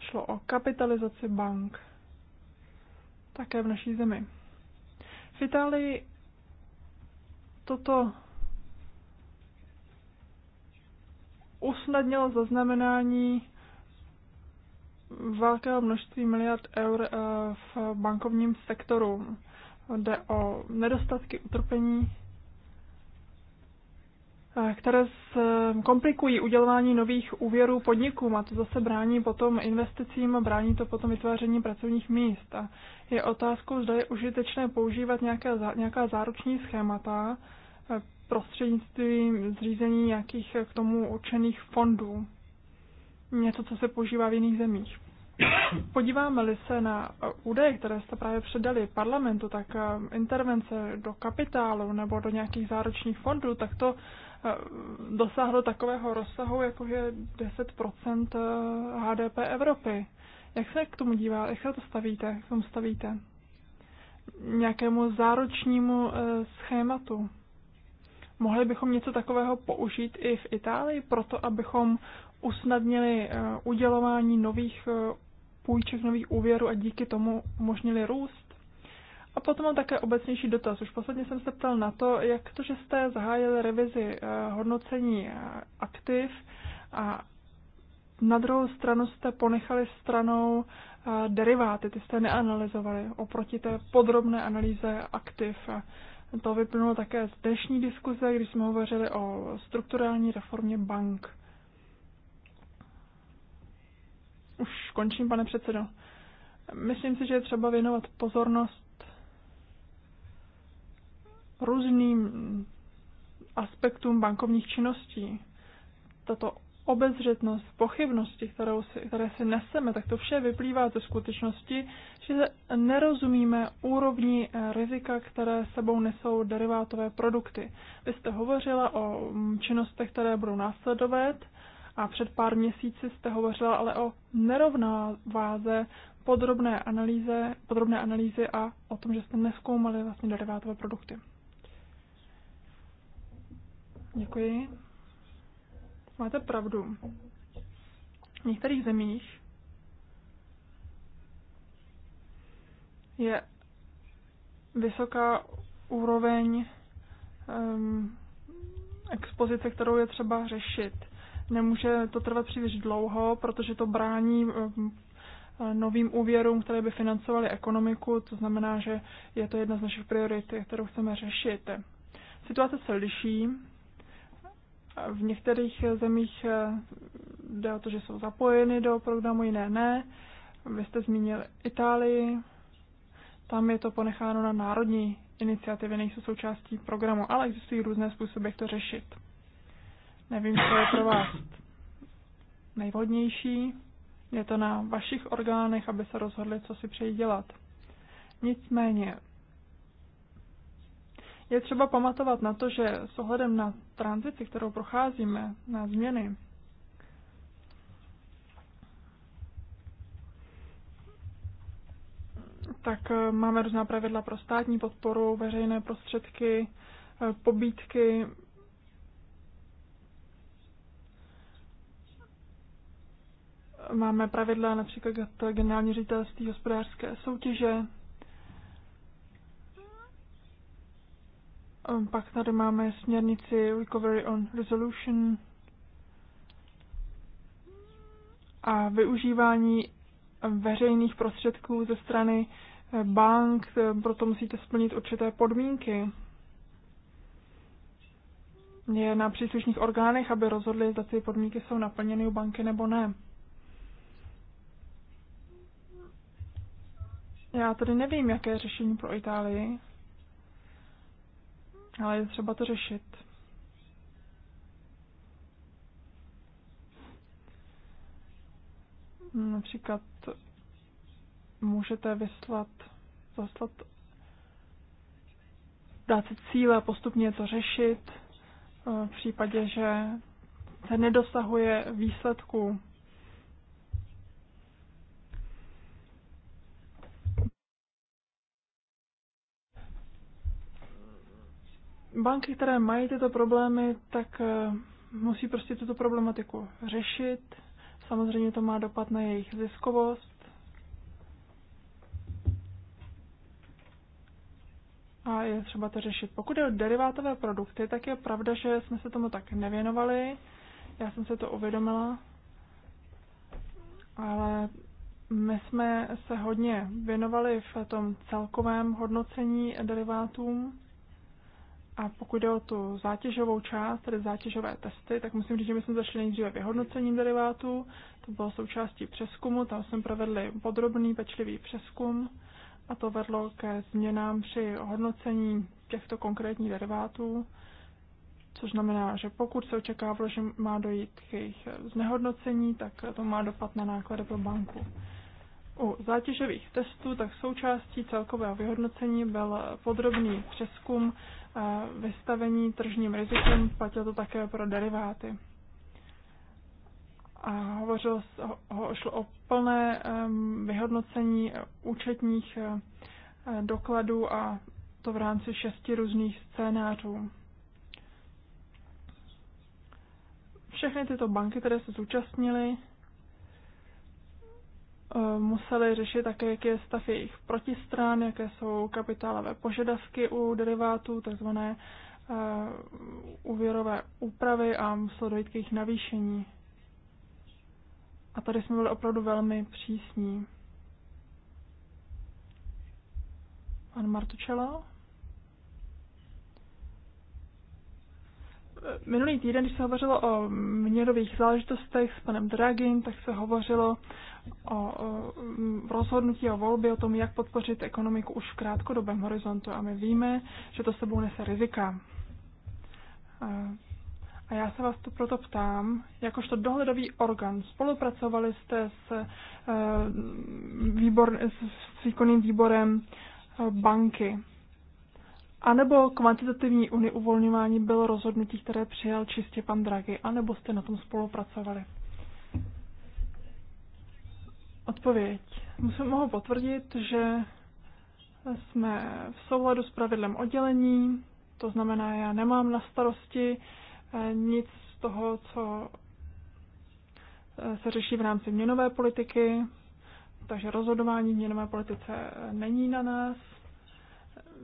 Šlo o kapitalizaci bank. Také v naší zemi. V Itálii toto usnadnilo zaznamenání velkého množství miliard eur eh, v bankovním sektoru. Jde o nedostatky utrpení, eh, které eh, komplikují udělování nových úvěrů podnikům a to zase brání potom investicím a brání to potom vytváření pracovních míst. A je otázkou, zda je užitečné používat nějaké, nějaká záruční schémata prostřednictvím zřízení nějakých k tomu určených fondů něco, co se používá v jiných zemích. Podíváme-li se na uh, údaje, které jste právě předali parlamentu, tak uh, intervence do kapitálu nebo do nějakých záročních fondů, tak to uh, dosáhlo takového rozsahu, jako je 10 HDP Evropy. Jak se k tomu dívá, jak se to stavíte, k tomu stavíte? Nějakému záročnímu schématu? Mohli bychom něco takového použít i v Itálii, proto abychom usnadnili eh, udělování nových eh, půjček, nových úvěrů a díky tomu umožnili růst. A potom mám také obecnější dotaz. Už posledně jsem se ptal na to, jak to, že jste zahájili revizi eh, hodnocení aktiv a na druhou stranu jste ponechali stranou deriváty, ty jste neanalyzovali oproti té podrobné analýze aktiv. To vyplnulo také z dnešní diskuze, když jsme hovořili o strukturální reformě bank. Už končím, pane předsedo. Myslím si, že je třeba věnovat pozornost různým aspektům bankovních činností. Tato obezřetnost, pochybnosti, kterou si, které si neseme, tak to vše vyplývá ze skutečnosti, že nerozumíme úrovni eh, rizika, které sebou nesou derivátové produkty. Vy jste hovořila o mm, činnostech, které budou následovat, a před pár měsíci jste hovořila ale o nerovná váze podrobné analýze, podrobné analýzy a o tom, že jste neskoumali vlastně derivátové produkty. Děkuji. Máte pravdu. V některých zemích je vysoká úroveň um, expozice, kterou je třeba řešit. Nemůže to trvat příliš dlouho, protože to brání eh, eh, novým úvěrům, které by financovaly ekonomiku, to znamená, že je to jedna z našich priorit, kterou chceme řešit. Situace se liší. V některých eh, zemích jde o to, že jsou zapojeny do programu, jiné ne. Vy jste zmínil Itálii, tam je to ponecháno na národní iniciativy, nejsou součástí programu, ale existují různé způsoby, jak to řešit. Nevím, co je pro vás nejvhodnější. Je to na vašich orgánech, aby se rozhodli, co si přejí dělat. Nicméně je třeba pamatovat na to, že s ohledem na tranzici, kterou procházíme, na změny, tak eh, máme různá pravidla pro státní podporu, veřejné prostředky, eh, pobítky, máme pravidla například to generální ředitelství hospodářské soutěže. Pak tady máme směrnici Recovery on Resolution a využívání veřejných prostředků ze strany bank, proto musíte splnit určité podmínky. Je na příslušných orgánech, aby rozhodli, zda ty podmínky jsou naplněny u banky nebo ne. Já tady nevím, jaké je řešení pro Itálii, ale je třeba to řešit. Například můžete vyslat, zaslat, dát si cíle, postupně to řešit, v případě, že se nedosahuje výsledku banky, které mají tyto problémy, tak eh, musí prostě tuto problematiku řešit. Samozřejmě to má dopad na jejich ziskovost. A je třeba to řešit. Pokud je o derivátové produkty, tak je pravda, že jsme se tomu tak nevěnovali. Já jsem se to uvědomila. Ale my jsme se hodně věnovali v tom celkovém hodnocení derivátům. A pokud jde o tu zátěžovou část, tedy zátěžové testy, tak musím říct, že my jsme začali nejdříve vyhodnocením derivátů. To bylo součástí přeskumu, tam jsme provedli podrobný, pečlivý přeskum a to vedlo ke změnám při hodnocení těchto konkrétních derivátů, což znamená, že pokud se očekávalo, že má dojít k jejich znehodnocení, tak to má dopad na náklady pro banku. U zátěžových testů tak součástí celkového vyhodnocení byl podrobný přeskum vystavení tržním rizikům, platilo to také pro deriváty. A hovořilo ho, šlo o plné vyhodnocení účetních eh, dokladů a to v rámci šesti různých scénářů. Všechny tyto banky, které se zúčastnily, Eh, museli řešit také, jaký je stav jejich protistran, jaké jsou kapitálové požadavky u derivátů, takzvané eh, úvěrové úpravy a muselo dojít k jejich navýšení. A tady jsme byli opravdu velmi přísní. Pan Martučela? Minulý týden, když se hovořilo o měnových záležitostech s panem Dragin, tak se hovořilo o mm, rozhodnutí o volbě, o tom, jak podpořit ekonomiku už v krátkodobém horizontu. A my víme, že to sebou nese rizika. A já se vás tu proto ptám, jakožto dohledový orgán, spolupracovali jste s, e, výbor, s výkonným výborem e, banky, anebo kvantitativní unie uvolňování bylo rozhodnutí, které přijal čistě pan Draghi, anebo jste na tom spolupracovali? Odpověď. Musím mohu potvrdit, že jsme v souladu s pravidlem oddělení, to znamená, já nemám na starosti eh, nic z toho, co eh, se řeší v rámci měnové politiky, takže rozhodování v měnové politice není na nás.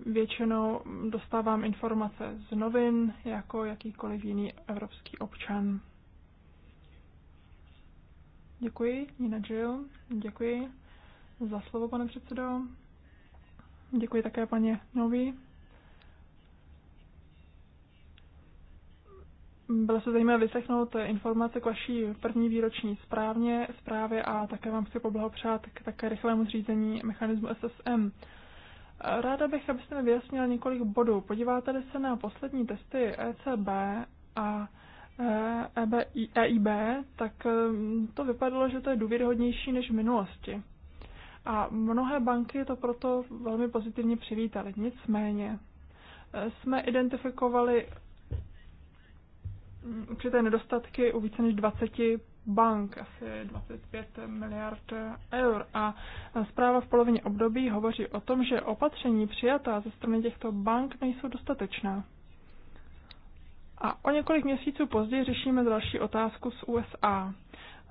Většinou dostávám informace z novin jako jakýkoliv jiný evropský občan. Děkuji, Nina Jill. Děkuji za slovo, pane předsedo. Děkuji také paně Nový. Bylo se zajímavé vyslechnout informace k vaší první výroční správně, zprávě a také vám chci poblahopřát k také rychlému zřízení mechanismu SSM. Ráda bych, abyste mi vyjasnil několik bodů. podíváte se na poslední testy ECB a EIB, e, e tak um, to vypadalo, že to je důvěryhodnější než v minulosti. A mnohé banky to proto velmi pozitivně přivítaly. Nicméně e, jsme identifikovali mm, určité nedostatky u více než 20 bank, asi 25 miliard eur. A zpráva v polovině období hovoří o tom, že opatření přijatá ze strany těchto bank nejsou dostatečná. A o několik měsíců později řešíme další otázku z USA.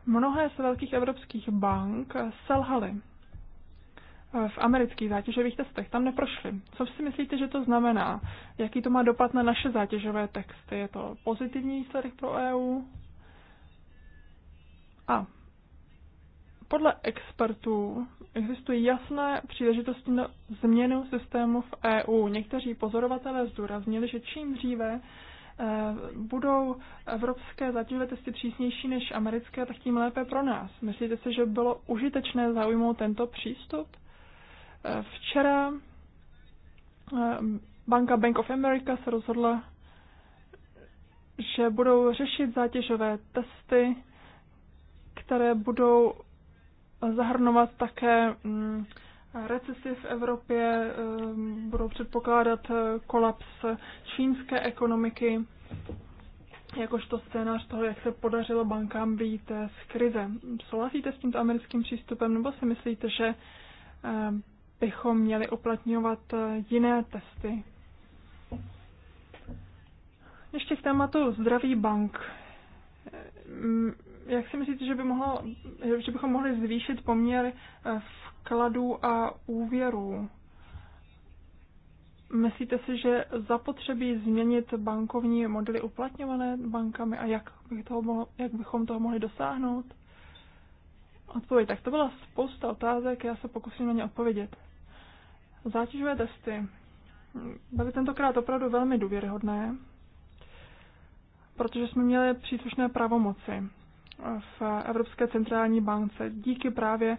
Mnohé z velkých evropských bank selhaly eh, v amerických zátěžových testech. Tam neprošly. Co si myslíte, že to znamená? Jaký to má dopad na naše zátěžové texty? Je to pozitivní výsledek pro EU? A podle expertů existují jasné příležitosti na změnu systému v EU. Někteří pozorovatelé zdůraznili, že čím dříve Eh, budou evropské zatěžové testy přísnější než americké, tak tím lépe pro nás. Myslíte si, že bylo užitečné zaujmout tento přístup? Eh, včera eh, banka Bank of America se rozhodla, že budou řešit zátěžové testy, které budou zahrnovat také mm, recesi v Evropě, ehm, budou předpokládat eh, kolaps čínské ekonomiky, jakožto scénář toho, jak se podařilo bankám vyjít eh, z krize. Souhlasíte s tímto americkým přístupem, nebo si myslíte, že ehm, bychom měli uplatňovat eh, jiné testy? Ještě k tématu zdraví bank jak si myslíte, že, by mohlo, že bychom mohli zvýšit poměr eh, vkladů a úvěrů? Myslíte si, že zapotřebí změnit bankovní modely uplatňované bankami a jak, by toho mohlo, jak bychom toho mohli dosáhnout? Odpověď. Tak to byla spousta otázek, já se pokusím na ně odpovědět. Zátěžové testy byly tentokrát opravdu velmi důvěryhodné, protože jsme měli příslušné pravomoci v Evropské centrální bance díky právě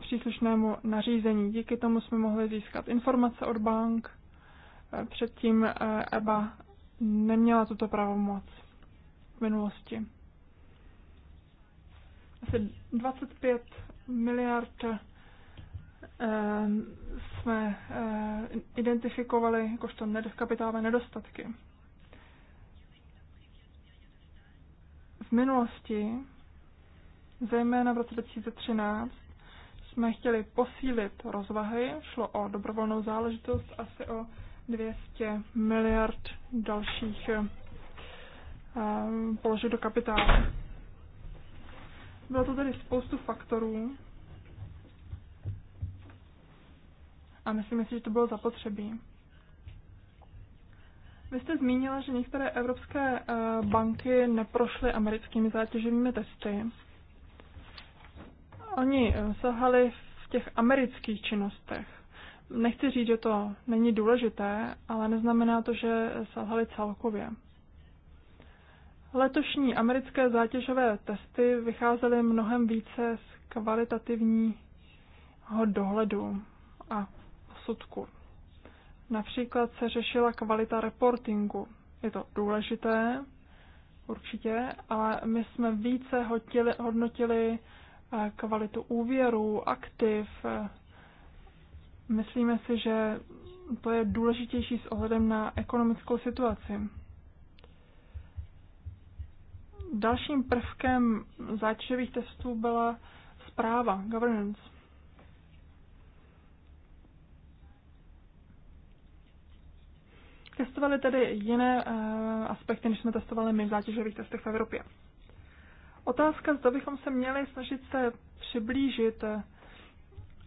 příslušnému nařízení. Díky tomu jsme mohli získat informace od bank. Předtím eh, EBA neměla tuto pravomoc v minulosti. Asi 25 miliard eh, jsme eh, identifikovali jakožto kapitálové nedostatky. V minulosti Zejména v roce 2013 jsme chtěli posílit rozvahy, šlo o dobrovolnou záležitost asi o 200 miliard dalších eh, položit do kapitálu. Bylo to tedy spoustu faktorů a myslím si, že to bylo zapotřebí. Vy jste zmínila, že některé evropské eh, banky neprošly americkými zátěžovými testy. Oni eh, selhali v těch amerických činnostech. Nechci říct, že to není důležité, ale neznamená to, že selhali celkově. Letošní americké zátěžové testy vycházely mnohem více z kvalitativního dohledu a posudku. Například se řešila kvalita reportingu. Je to důležité, určitě, ale my jsme více hodnotili kvalitu úvěru, aktiv. Myslíme si, že to je důležitější s ohledem na ekonomickou situaci. Dalším prvkem záčivých testů byla zpráva, governance. Testovali tedy jiné eh, aspekty, než jsme testovali my v zátěžových testech v Evropě. Otázka, zda bychom se měli snažit se přiblížit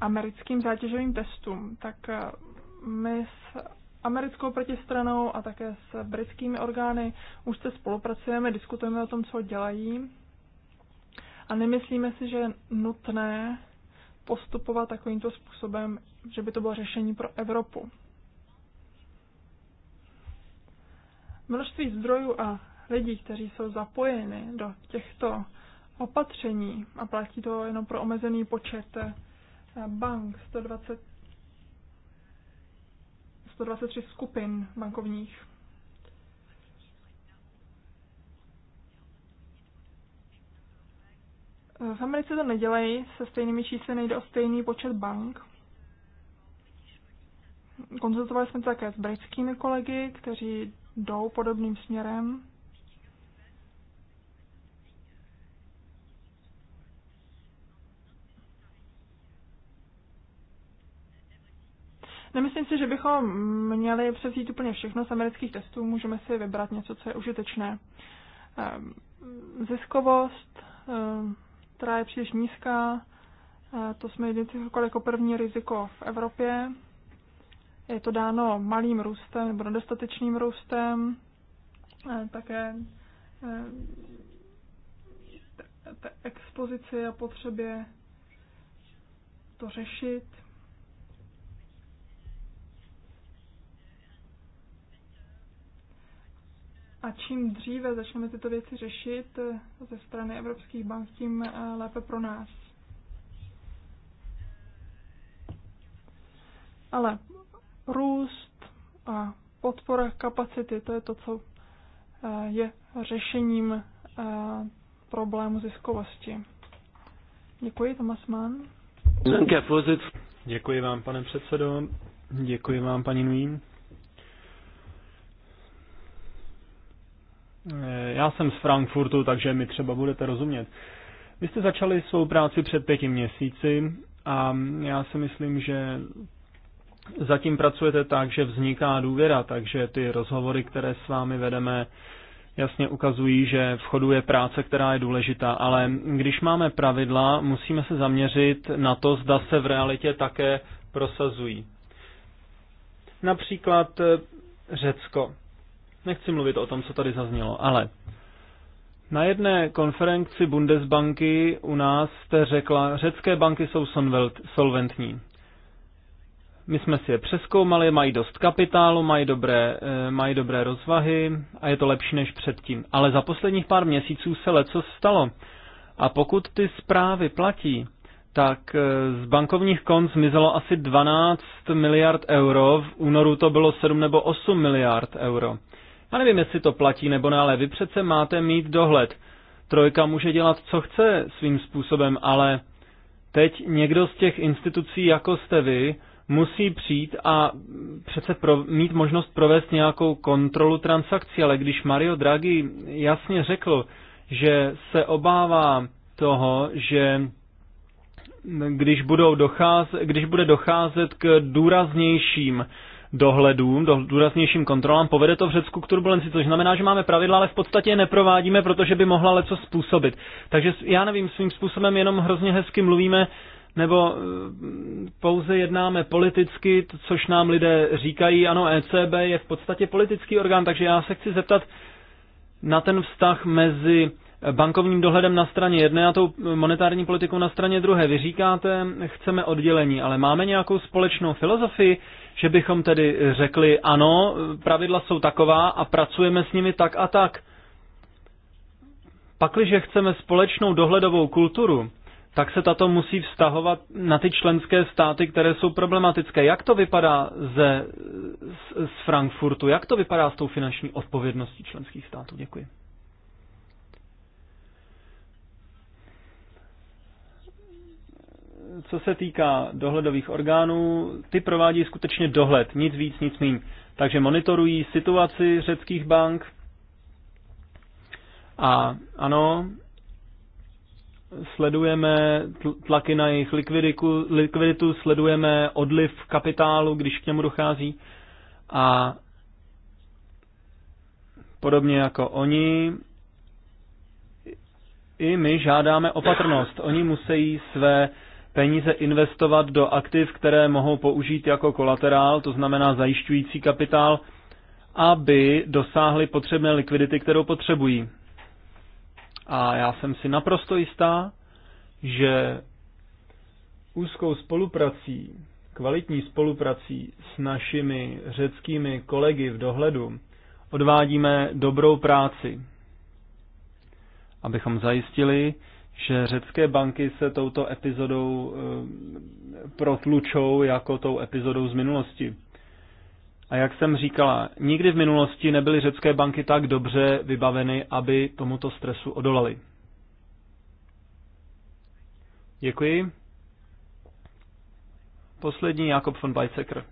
americkým zátěžovým testům, tak eh, my s americkou protistranou a také s britskými orgány už se spolupracujeme, diskutujeme o tom, co dělají a nemyslíme si, že je nutné postupovat takovýmto způsobem, že by to bylo řešení pro Evropu. Množství zdrojů a lidí, kteří jsou zapojeni do těchto opatření a platí to jenom pro omezený počet eh, bank, 120, 123 skupin bankovních. V Americe to nedělají, se stejnými čísly nejde o stejný počet bank. Konzultovali jsme to také s britskými kolegy, kteří jdou podobným směrem. Nemyslím si, že bychom měli převzít úplně všechno z amerických testů, můžeme si vybrat něco, co je užitečné. Ehm, ziskovost, ehm, která je příliš nízká, eh, to jsme identifikovali jako první riziko v Evropě. Je to dáno malým růstem nebo nedostatečným růstem, eh, také eh, expozici a potřebě to řešit. A čím dříve začneme tyto věci řešit eh, ze strany evropských bank, tím eh, lépe pro nás. Ale růst a podpora kapacity, to je to, co eh, je řešením problému ziskovosti. Děkuji, Tomas Mann. Děkuji vám, pane předsedo. Děkuji vám, paní Nguyen. Eh, já jsem z Frankfurtu, takže mi třeba budete rozumět. Vy jste začali svou práci před pěti měsíci a já si myslím, že zatím pracujete tak, že vzniká důvěra, takže ty rozhovory, které s vámi vedeme, jasně ukazují, že v chodu je práce, která je důležitá, ale když máme pravidla, musíme se zaměřit na to, zda se v realitě také prosazují. Například eh, Řecko. Nechci mluvit o tom, co tady zaznělo, ale na jedné konferenci Bundesbanky u nás jste řekla, řecké banky jsou solventní. My jsme si je přeskoumali, mají dost kapitálu, mají dobré, eh, mají dobré rozvahy a je to lepší než předtím. Ale za posledních pár měsíců se leco stalo. A pokud ty zprávy platí, tak eh, z bankovních kont zmizelo asi 12 miliard euro, v únoru to bylo 7 nebo 8 miliard euro. A nevím, jestli to platí nebo ne, ale vy přece máte mít dohled. Trojka může dělat, co chce svým způsobem, ale teď někdo z těch institucí, jako jste vy, musí přijít a přece pro, mít možnost provést nějakou kontrolu transakcí, ale když Mario Draghi jasně řekl, že se obává toho, že když, budou docház, když bude docházet k důraznějším dohledům, do, důraznějším kontrolám. Povede to v Řecku k turbulenci, což znamená, že máme pravidla, ale v podstatě je neprovádíme, protože by mohla leco způsobit. Takže já nevím, svým způsobem jenom hrozně hezky mluvíme, nebo eh, pouze jednáme politicky, což nám lidé říkají, ano, ECB je v podstatě politický orgán, takže já se chci zeptat na ten vztah mezi bankovním dohledem na straně jedné a tou monetární politikou na straně druhé. Vy říkáte, chceme oddělení, ale máme nějakou společnou filozofii, že bychom tedy řekli, ano, pravidla jsou taková a pracujeme s nimi tak a tak. Pakliže chceme společnou dohledovou kulturu, tak se tato musí vztahovat na ty členské státy, které jsou problematické. Jak to vypadá ze, z, z Frankfurtu? Jak to vypadá s tou finanční odpovědností členských států? Děkuji. co se týká dohledových orgánů, ty provádí skutečně dohled, nic víc, nic méně. Takže monitorují situaci řeckých bank a ano, sledujeme tlaky na jejich likviditu, likviditu, sledujeme odliv kapitálu, když k němu dochází a podobně jako oni, i my žádáme opatrnost. Oni musí své peníze investovat do aktiv, které mohou použít jako kolaterál, to znamená zajišťující kapitál, aby dosáhli potřebné likvidity, kterou potřebují. A já jsem si naprosto jistá, že úzkou spoluprací, kvalitní spoluprací s našimi řeckými kolegy v dohledu odvádíme dobrou práci, abychom zajistili, že řecké banky se touto epizodou eh, protlučou jako tou epizodou z minulosti. A jak jsem říkala, nikdy v minulosti nebyly řecké banky tak dobře vybaveny, aby tomuto stresu odolaly. Děkuji. Poslední Jakob von Weizsäcker.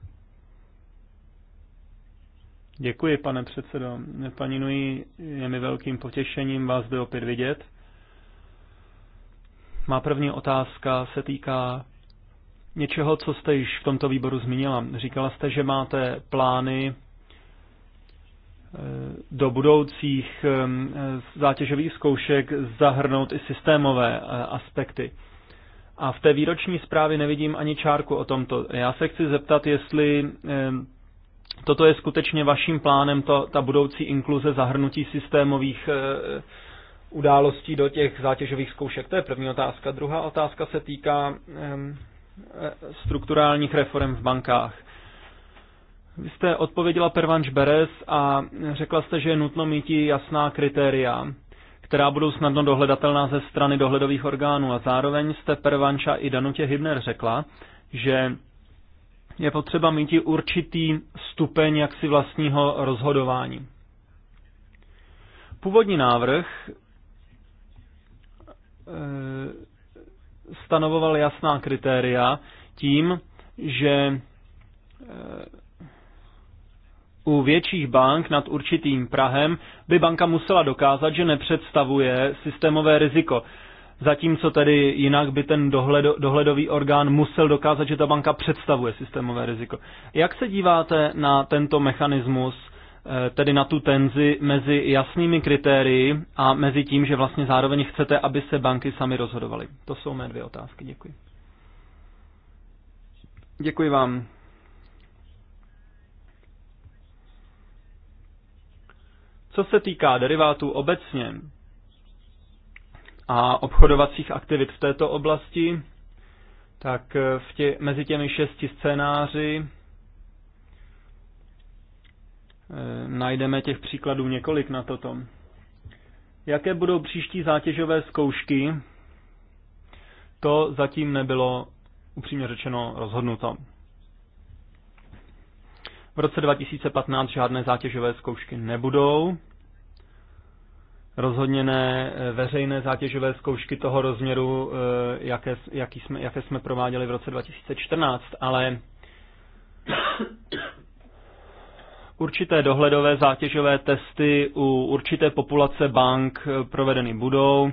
Děkuji, pane předsedo. Paní Nui, je mi velkým potěšením vás zde opět vidět. Má první otázka se týká něčeho, co jste již v tomto výboru zmínila. Říkala jste, že máte plány eh, do budoucích eh, zátěžových zkoušek zahrnout i systémové eh, aspekty. A v té výroční zprávě nevidím ani čárku o tomto. Já se chci zeptat, jestli toto je skutečně vaším plánem, to, ta budoucí inkluze zahrnutí systémových událostí do těch zátěžových zkoušek? To je první otázka. Druhá otázka se týká e, strukturálních reform v bankách. Vy jste odpověděla Pervanč Beres a řekla jste, že je nutno mít jasná kritéria, která budou snadno dohledatelná ze strany dohledových orgánů. A zároveň jste Pervanča i Danutě Hybner řekla, že je potřeba mít určitý stupeň jaksi vlastního rozhodování. Původní návrh Eh, stanovoval jasná kritéria tím, že eh, u větších bank nad určitým Prahem by banka musela dokázat, že nepředstavuje systémové riziko. Zatímco tedy jinak by ten dohled, dohledový orgán musel dokázat, že ta banka představuje systémové riziko. Jak se díváte na tento mechanismus Eh, tedy na tu tenzi mezi jasnými kritérii a mezi tím, že vlastně zároveň chcete, aby se banky sami rozhodovaly? To jsou mé dvě otázky. Děkuji. Děkuji vám. Co se týká derivátů obecně a obchodovacích aktivit v této oblasti, tak eh, v tě, mezi těmi šesti scénáři Eh, najdeme těch příkladů několik na toto. Jaké budou příští zátěžové zkoušky? To zatím nebylo upřímně řečeno rozhodnuto. V roce 2015 žádné zátěžové zkoušky nebudou. Rozhodně ne eh, veřejné zátěžové zkoušky toho rozměru, eh, jaké, jaký jsme, jaké jsme prováděli v roce 2014, ale Určité dohledové zátěžové testy u určité populace bank eh, provedeny budou.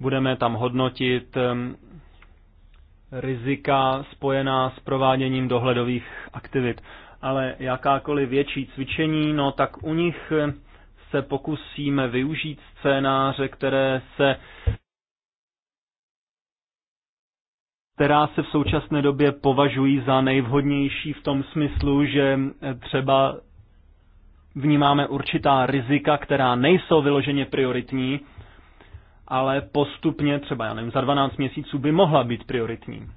Budeme tam hodnotit eh, rizika spojená s prováděním dohledových aktivit. Ale jakákoliv větší cvičení, no tak u nich eh, se pokusíme využít scénáře, které se která se v současné době považují za nejvhodnější v tom smyslu, že třeba vnímáme určitá rizika, která nejsou vyloženě prioritní, ale postupně, třeba já nevím, za 12 měsíců by mohla být prioritní.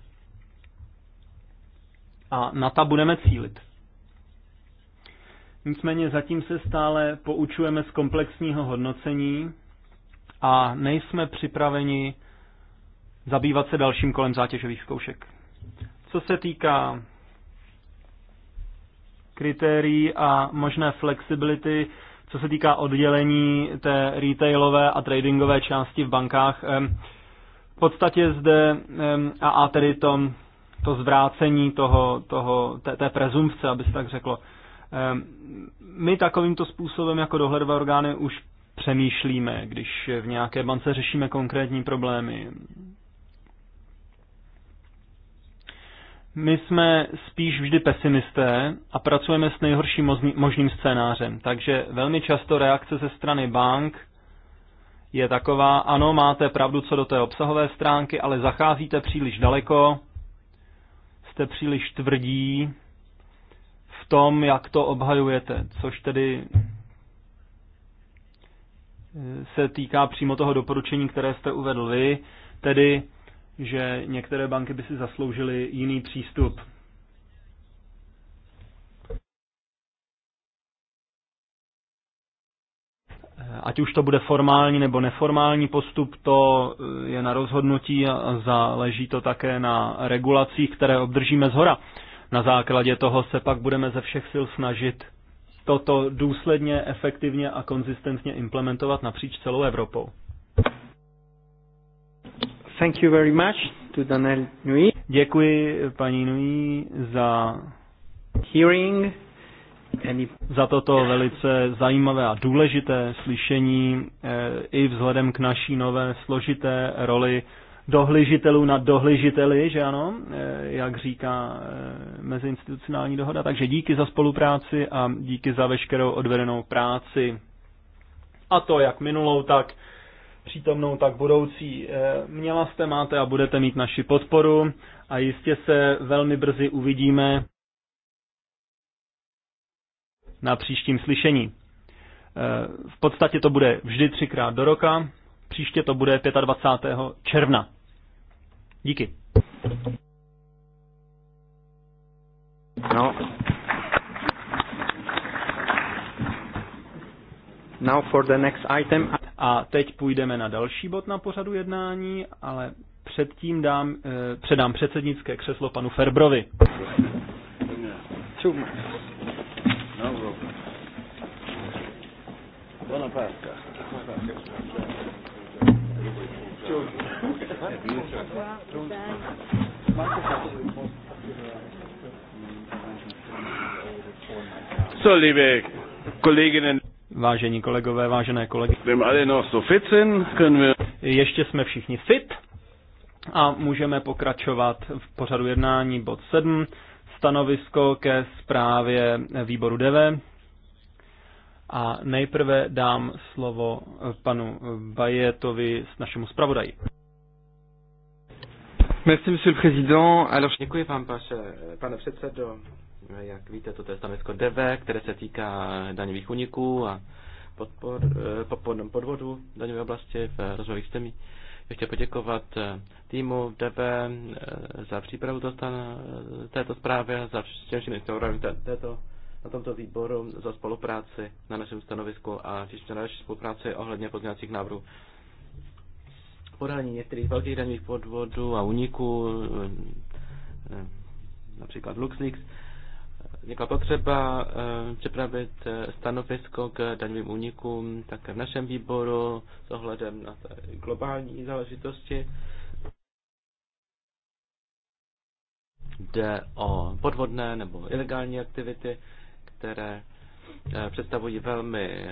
A na ta budeme cílit. Nicméně zatím se stále poučujeme z komplexního hodnocení a nejsme připraveni zabývat se dalším kolem zátěžových zkoušek. Co se týká kritérií a možné flexibility, co se týká oddělení té retailové a tradingové části v bankách. V podstatě zde, a, a tedy to, to zvrácení toho, toho, té, té prezumpce, aby se tak řeklo, my takovýmto způsobem jako dohledové orgány už přemýšlíme, když v nějaké bance řešíme konkrétní problémy. My jsme spíš vždy pesimisté a pracujeme s nejhorším možným scénářem. Takže velmi často reakce ze strany bank je taková, ano, máte pravdu co do té obsahové stránky, ale zacházíte příliš daleko, jste příliš tvrdí v tom, jak to obhajujete, což tedy eh, se týká přímo toho doporučení, které jste uvedl vy, tedy že některé banky by si zasloužily jiný přístup. Ať už to bude formální nebo neformální postup, to je na rozhodnutí a záleží to také na regulacích, které obdržíme zhora. Na základě toho se pak budeme ze všech sil snažit toto důsledně, efektivně a konzistentně implementovat napříč celou Evropou. Thank you very much to Daniel Nui. Děkuji paní Nui za hearing za toto velice zajímavé a důležité slyšení eh, i vzhledem k naší nové složité roli dohlížitelů nad dohlížiteli, že ano, eh, jak říká eh, meziinstitucionální dohoda. Takže díky za spolupráci a díky za veškerou odvedenou práci. A to jak minulou, tak přítomnou, tak budoucí. Eh, měla jste, máte a budete mít naši podporu a jistě se velmi brzy uvidíme na příštím slyšení. Eh, v podstatě to bude vždy třikrát do roka, příště to bude 25. června. Díky. No. Now for the next item. A teď půjdeme na další bod na pořadu jednání, ale předtím dám, eh, předám předsednické křeslo panu Ferbrovi. No, so, liebe Kolleginnen Vážení kolegové, vážené kolegy. Ještě jsme všichni fit a můžeme pokračovat v pořadu jednání bod 7, stanovisko ke zprávě výboru DV. A nejprve dám slovo panu Bajetovi s našemu zpravodaji. Merci, monsieur le président. Alors... Děkuji vám, pane předsedo. Jak víte, toto je stanovisko DV, které se týká daňových uniků a podpor, eh, pod, podvodu v daňové oblasti v rozvojových zemích. Chtěl poděkovat eh, týmu DV eh, za přípravu do stan, této zprávy a za všem této na tomto výboru za spolupráci na našem stanovisku a těším na další spolupráci ohledně pozměňovacích návrhů. Podání některých velkých daňových podvodů a uniků, například LuxLeaks, vznikla potřeba eh, připravit eh, stanovisko k daňovým únikům také v našem výboru s ohledem na globální záležitosti. Jde o podvodné nebo ilegální aktivity, které eh, představují velmi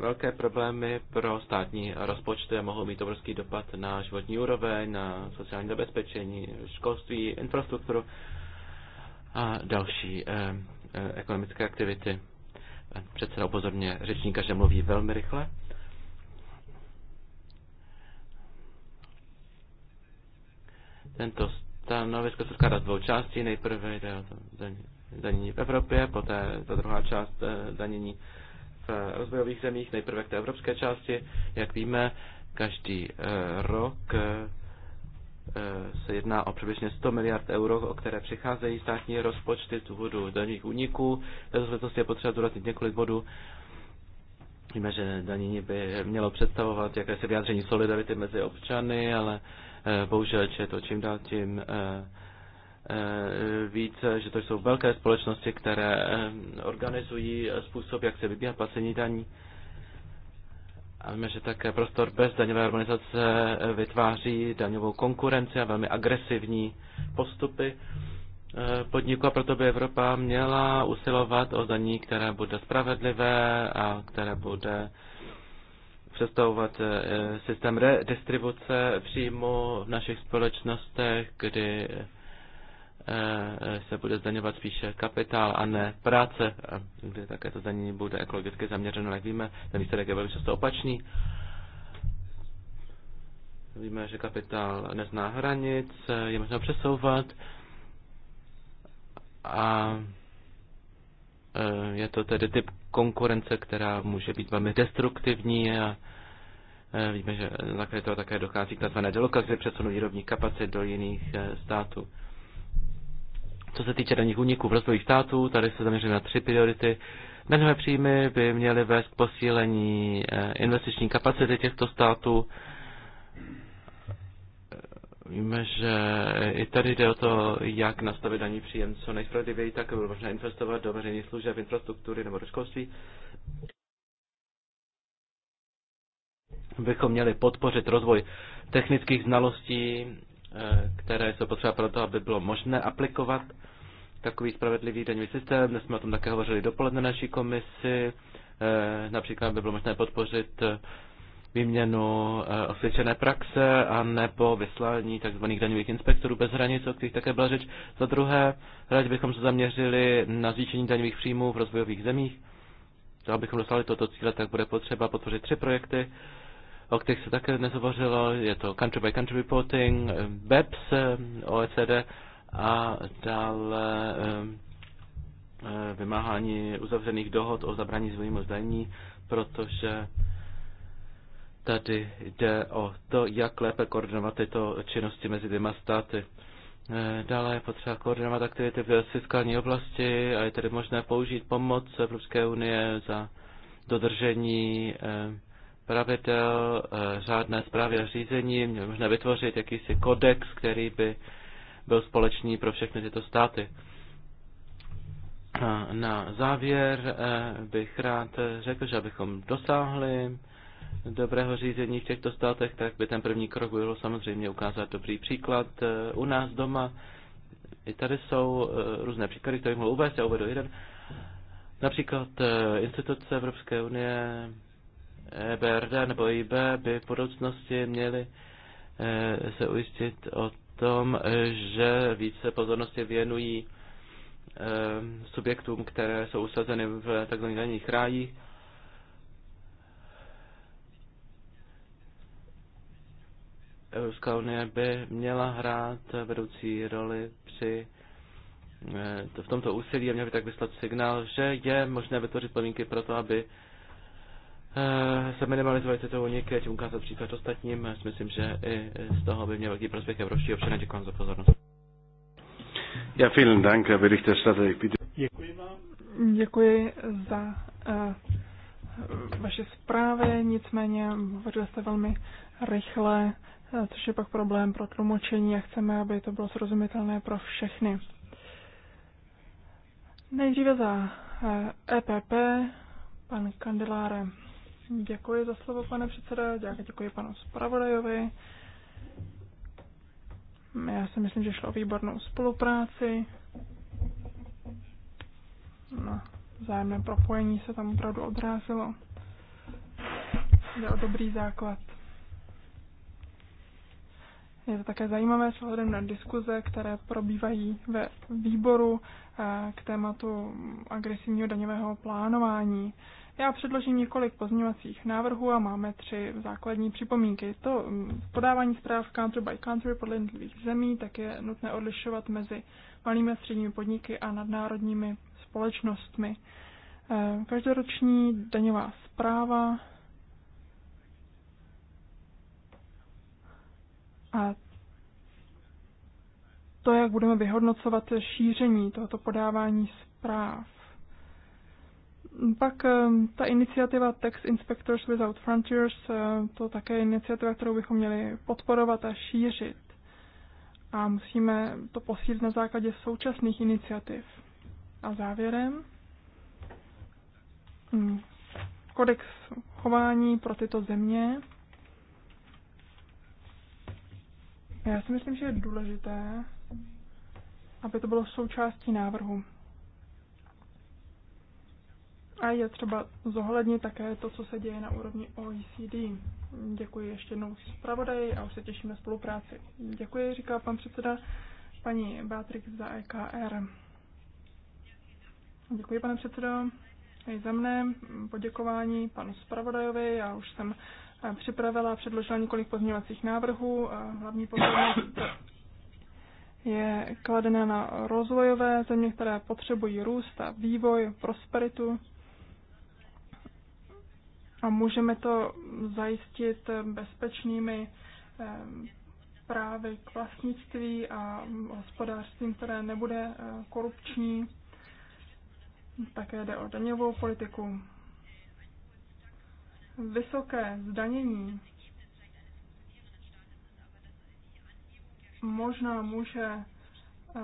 velké problémy pro státní rozpočty a mohou mít obrovský dopad na životní úroveň, na sociální zabezpečení, školství, infrastrukturu a další eh, eh, ekonomické aktivity. předseda upozorně řečníka, že mluví velmi rychle. Tento stanovisko se skládá z dvou částí. Nejprve jde o to danění v Evropě, poté ta druhá část eh, danění v rozvojových zemích, nejprve k té evropské části. Jak víme, každý eh, rok Eh, se jedná o přibližně 100 miliard euro, o které přicházejí státní rozpočty z důvodu daných úniků. V této je potřeba zdůraznit několik bodů. Víme, že danění by mělo představovat jakési vyjádření solidarity mezi občany, ale eh, bohužel je to čím dál tím eh, více, že to jsou velké společnosti, které organizují způsob, jak se vybíhat placení daní. A víme, že také prostor bez daňové harmonizace vytváří daňovou konkurenci a velmi agresivní postupy eh, podniku a proto by Evropa měla usilovat o daní, které bude spravedlivé a které bude představovat eh, systém redistribuce příjmu v našich společnostech, kdy Eh, eh, se bude zdaňovat spíše kapitál a ne práce, kde také to zdanění bude ekologicky zaměřeno, jak víme, ten výsledek je velmi často opačný. Víme, že kapitál nezná hranic, je možno přesouvat a eh, je to tedy typ konkurence, která může být velmi destruktivní a víme, že na to také dochází k tzv. delokazy přesunu výrobní kapacit do jiných států. Co se týče daných úniků v rozvojích států, tady se zaměřím na tři priority. Daňové příjmy by měly vést k posílení eh, investiční kapacity těchto států. Víme, že i tady jde o to, jak nastavit daní příjem co nejspravedlivěji, tak aby bylo možné investovat do veřejných služeb, infrastruktury nebo do školství. Bychom měli podpořit rozvoj technických znalostí Eh, které jsou potřeba pro to, aby bylo možné aplikovat takový spravedlivý daňový systém. Dnes jsme o tom také hovořili dopoledne naší komisi. Eh, například by bylo možné podpořit eh, výměnu osvědčené praxe a nebo vyslání tzv. daňových inspektorů bez hranic, o kterých také byla řeč. Za druhé, rádi bychom se zaměřili na zvýšení daňových příjmů v rozvojových zemích. Abychom dostali toto cíle, tak bude potřeba podpořit tři projekty o kterých se také dnes hovořilo, je to country by country reporting, BEPS, OECD a dále eh, vymáhání uzavřených dohod o zabraní zvojímu zdaní, protože tady jde o to, jak lépe koordinovat tyto činnosti mezi dvěma státy. Eh, dále je potřeba koordinovat aktivity v fiskální oblasti a je tedy možné použít pomoc Evropské unie za dodržení pravidel, eh, řádné zprávy a řízení, možná vytvořit jakýsi kodex, který by byl společný pro všechny tyto státy. Na závěr eh, bych rád řekl, že abychom dosáhli dobrého řízení v těchto státech, tak by ten první krok bylo samozřejmě ukázat dobrý příklad eh, u nás doma. I tady jsou různé příklady, které mohu uvést, já uvedu jeden. Například instituce Evropské unie E Berda nebo IB by v budoucnosti měli e, se ujistit o tom, že více pozornosti věnují e, subjektům, které jsou usazeny v tzv. daných rájích. Evropská unie by měla hrát vedoucí roli při v tomto úsilí a měl by tak vyslat signál, že je možné vytvořit podmínky pro to, aby se eh, minimalizovat tyto uniky, tím ukázat příklad ostatním. Já eh, si myslím, že i z toho by měl velký prospěch evropští občané. Děkuji vám za pozornost. Ja, vielen Dank, Herr Berichterstatter. Ich bitte. Děkuji vám. Děkuji za uh, vaše zprávy, nicméně hovořil jste velmi rychle, což je pak problém pro tlumočení a chceme, aby to bylo srozumitelné pro všechny. Nejdříve za EPP, e pan Kandeláre. Děkuji za slovo, pane předseda, děkuji panu zpravodajovi. Já si myslím, že šlo o výbornou spolupráci. No, vzájemné propojení se tam opravdu odrázilo. Jde o dobrý základ. Je to také zajímavé s ohledem na diskuze, které probívají ve výboru eh, k tématu agresivního daňového plánování. Já předložím několik pozměňovacích návrhů a máme tři základní připomínky. To mm, podávání zpráv country by country podle jednotlivých zemí, tak je nutné odlišovat mezi malými a středními podniky a nadnárodními společnostmi. Eh, každoroční daňová zpráva a to, jak budeme vyhodnocovat šíření tohoto podávání zpráv. Pak eh, ta iniciativa Tax Inspectors Without Frontiers, eh, to také je iniciativa, kterou bychom měli podporovat a šířit. A musíme to posílit na základě současných iniciativ. A závěrem, hm, kodex chování pro tyto země. Já si myslím, že je důležité, aby to bylo součástí návrhu. A je třeba zohlednit také to, co se děje na úrovni OECD. Děkuji ještě jednou zpravodaji a už se těším na spolupráci. Děkuji, říká pan předseda paní Beatrix za EKR. Děkuji, pane předsedo. I za mne poděkování panu zpravodajovi. Já už jsem eh, připravila a předložila několik pozměňovacích návrhů. Eh, hlavní pozornost je kladená na rozvojové země, které potřebují růst a vývoj, prosperitu a můžeme to zajistit bezpečnými eh, právy k vlastnictví a hospodářstvím, které nebude eh, korupční. Také jde o daňovou politiku. Vysoké zdanění možná může eh,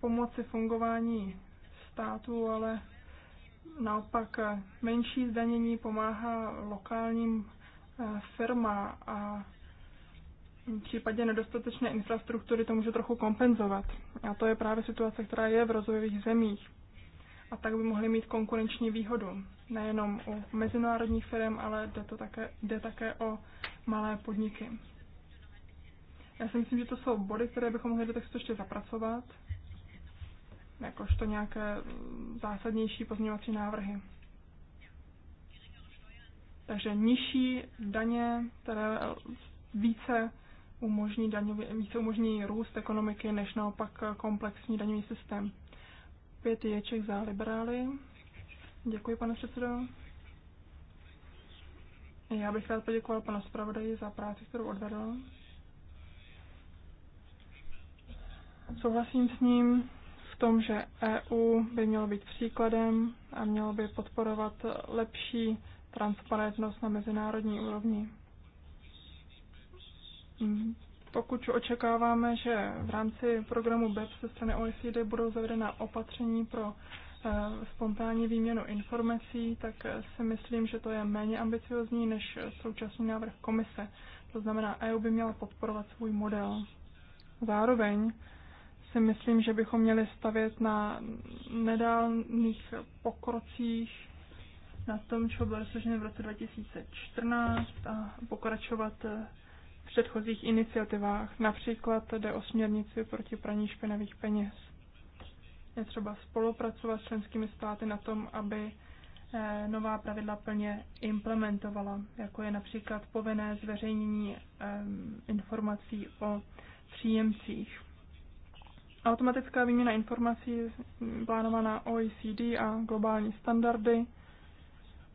pomoci fungování státu, ale Naopak eh, menší zdanění pomáhá lokálním eh, firmám a v případě nedostatečné infrastruktury to může trochu kompenzovat. A to je právě situace, která je v rozvojových zemích. A tak by mohli mít konkurenční výhodu. Nejenom u mezinárodních firm, ale jde, to také, jde také o malé podniky. Já si myslím, že to jsou body, které bychom mohli do textu ještě zapracovat jakožto nějaké zásadnější pozměňovací návrhy. Takže nižší daně, které více umožní, daňový, více umožní růst ekonomiky, než naopak komplexní daňový systém. Pět ječek za liberály. Děkuji, pane předsedo. Já bych rád poděkoval panu zpravodaji za práci, kterou odvedl. Souhlasím s ním tom, že EU by mělo být příkladem a mělo by podporovat lepší transparentnost na mezinárodní úrovni. Mm, pokud očekáváme, že v rámci programu BEPS se strany OECD budou zavedena opatření pro e, spontánní výměnu informací, tak e, si myslím, že to je méně ambiciozní než současný návrh komise. To znamená, EU by měla podporovat svůj model. Zároveň si myslím, že bychom měli stavět na nedálných pokrocích na tom, co bylo složené v roce 2014 a pokračovat v předchozích iniciativách. Například jde o směrnici proti praní špinavých peněz. Je třeba spolupracovat s členskými státy na tom, aby eh, nová pravidla plně implementovala, jako je například povinné zveřejnění ehm, informací o příjemcích. Automatická výměna informací plánovaná OECD a globální standardy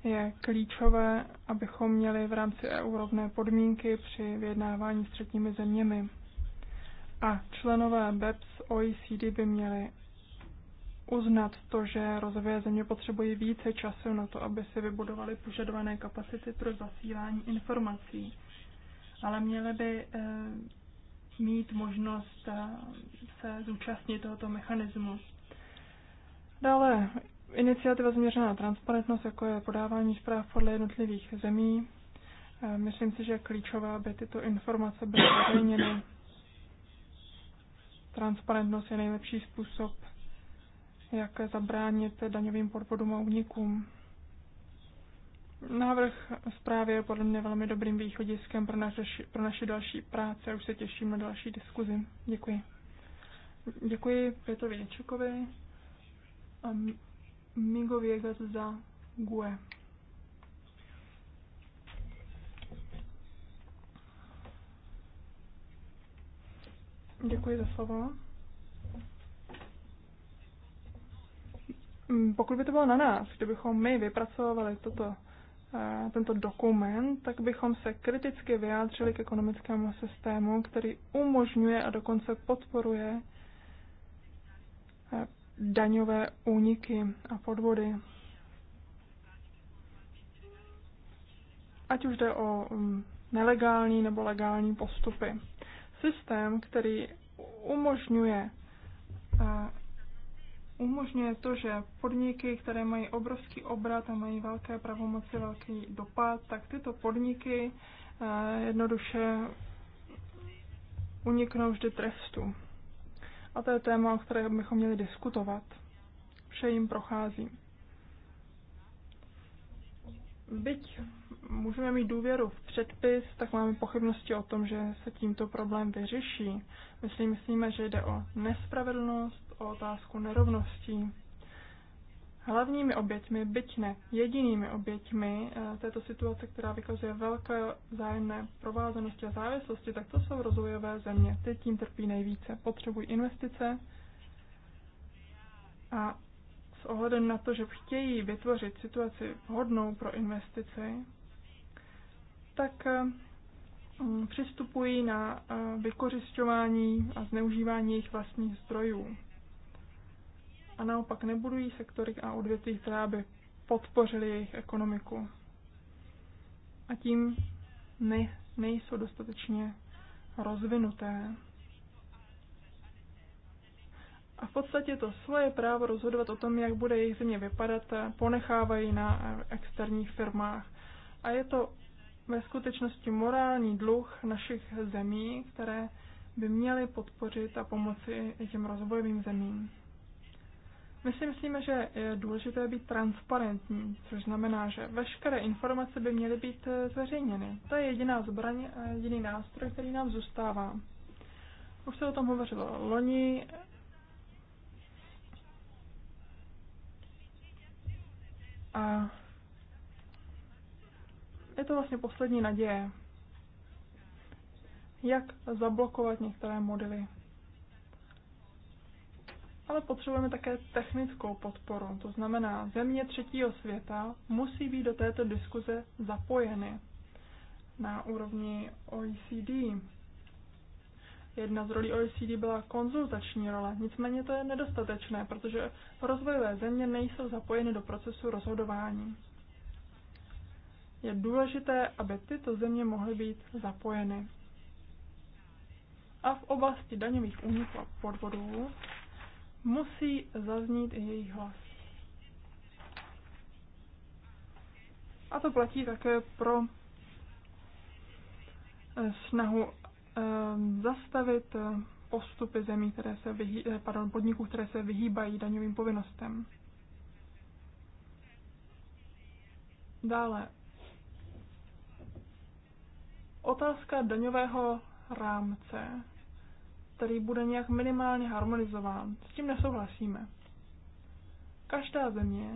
je klíčové, abychom měli v rámci EU rovné podmínky při vyjednávání s třetími zeměmi. A členové BEPS OECD by měli uznat to, že rozvoje země potřebují více času na to, aby si vybudovali požadované kapacity pro zasílání informací. Ale měli by eh, mít možnost eh, se zúčastnit tohoto mechanismu. Dále iniciativa změřená na transparentnost, jako je podávání zpráv podle jednotlivých zemí. Eh, myslím si, že je klíčové, aby tyto informace byly zveřejněny. Transparentnost je nejlepší způsob, jak zabránit daňovým podvodům a unikům. Návrh zprávy je podle mě velmi dobrým východiskem pro, naši, pro naši další práce. Už se těším na další diskuzi. Děkuji. Děkuji Petrovi Něčekovi a Mingo za GUE. Děkuji za slovo. Pokud by to bylo na nás, kdybychom my vypracovali toto tento dokument, tak bychom se kriticky vyjádřili k ekonomickému systému, který umožňuje a dokonce podporuje daňové úniky a podvody. Ať už jde o mm, nelegální nebo legální postupy. Systém, který umožňuje umožňuje to, že podniky, které mají obrovský obrat a mají velké pravomoci, velký dopad, tak tyto podniky eh, jednoduše uniknou vždy trestu. A to je téma, o které bychom měli diskutovat. Vše jim prochází. Byť můžeme mít důvěru v předpis, tak máme pochybnosti o tom, že se tímto problém vyřeší. My si myslíme, že jde o nespravedlnost, o otázku nerovností. Hlavními oběťmi, byť ne jedinými oběťmi eh, této situace, která vykazuje velké zájemné provázanosti a závislosti, tak to jsou rozvojové země. Ty tím trpí nejvíce. Potřebují investice a s ohledem na to, že chtějí vytvořit situaci vhodnou pro investici, tak eh, mm, přistupují na eh, vykořišťování a zneužívání jejich vlastních zdrojů. A naopak nebudují sektory a odvětví, která by podpořily jejich ekonomiku. A tím ne, nejsou dostatečně rozvinuté. A v podstatě to svoje právo rozhodovat o tom, jak bude jejich země vypadat, eh, ponechávají na externích firmách. A je to ve skutečnosti morální dluh našich zemí, které by měly podpořit a pomoci těm rozvojovým zemím. My si myslíme, že je důležité být transparentní, což znamená, že veškeré informace by měly být eh, zveřejněny. To je jediná zbraň, eh, jediný nástroj, který nám zůstává. Už se o tom hovořilo loni. A je to vlastně poslední naděje, jak zablokovat některé modely. Ale potřebujeme také technickou podporu, to znamená, země třetího světa musí být do této diskuze zapojeny na úrovni OECD. Jedna z rolí OECD byla konzultační role, nicméně to je nedostatečné, protože rozvojové země nejsou zapojeny do procesu rozhodování. Je důležité, aby tyto země mohly být zapojeny. A v oblasti daňových úniků a podvodů musí zaznít i jejich hlas. A to platí také pro eh, snahu ehm, zastavit eh, postupy zemí, které se vyhý, eh, pardon, podniků, které se vyhýbají daňovým povinnostem. Dále Otázka daňového rámce, který bude nějak minimálně harmonizován, s tím nesouhlasíme. Každá země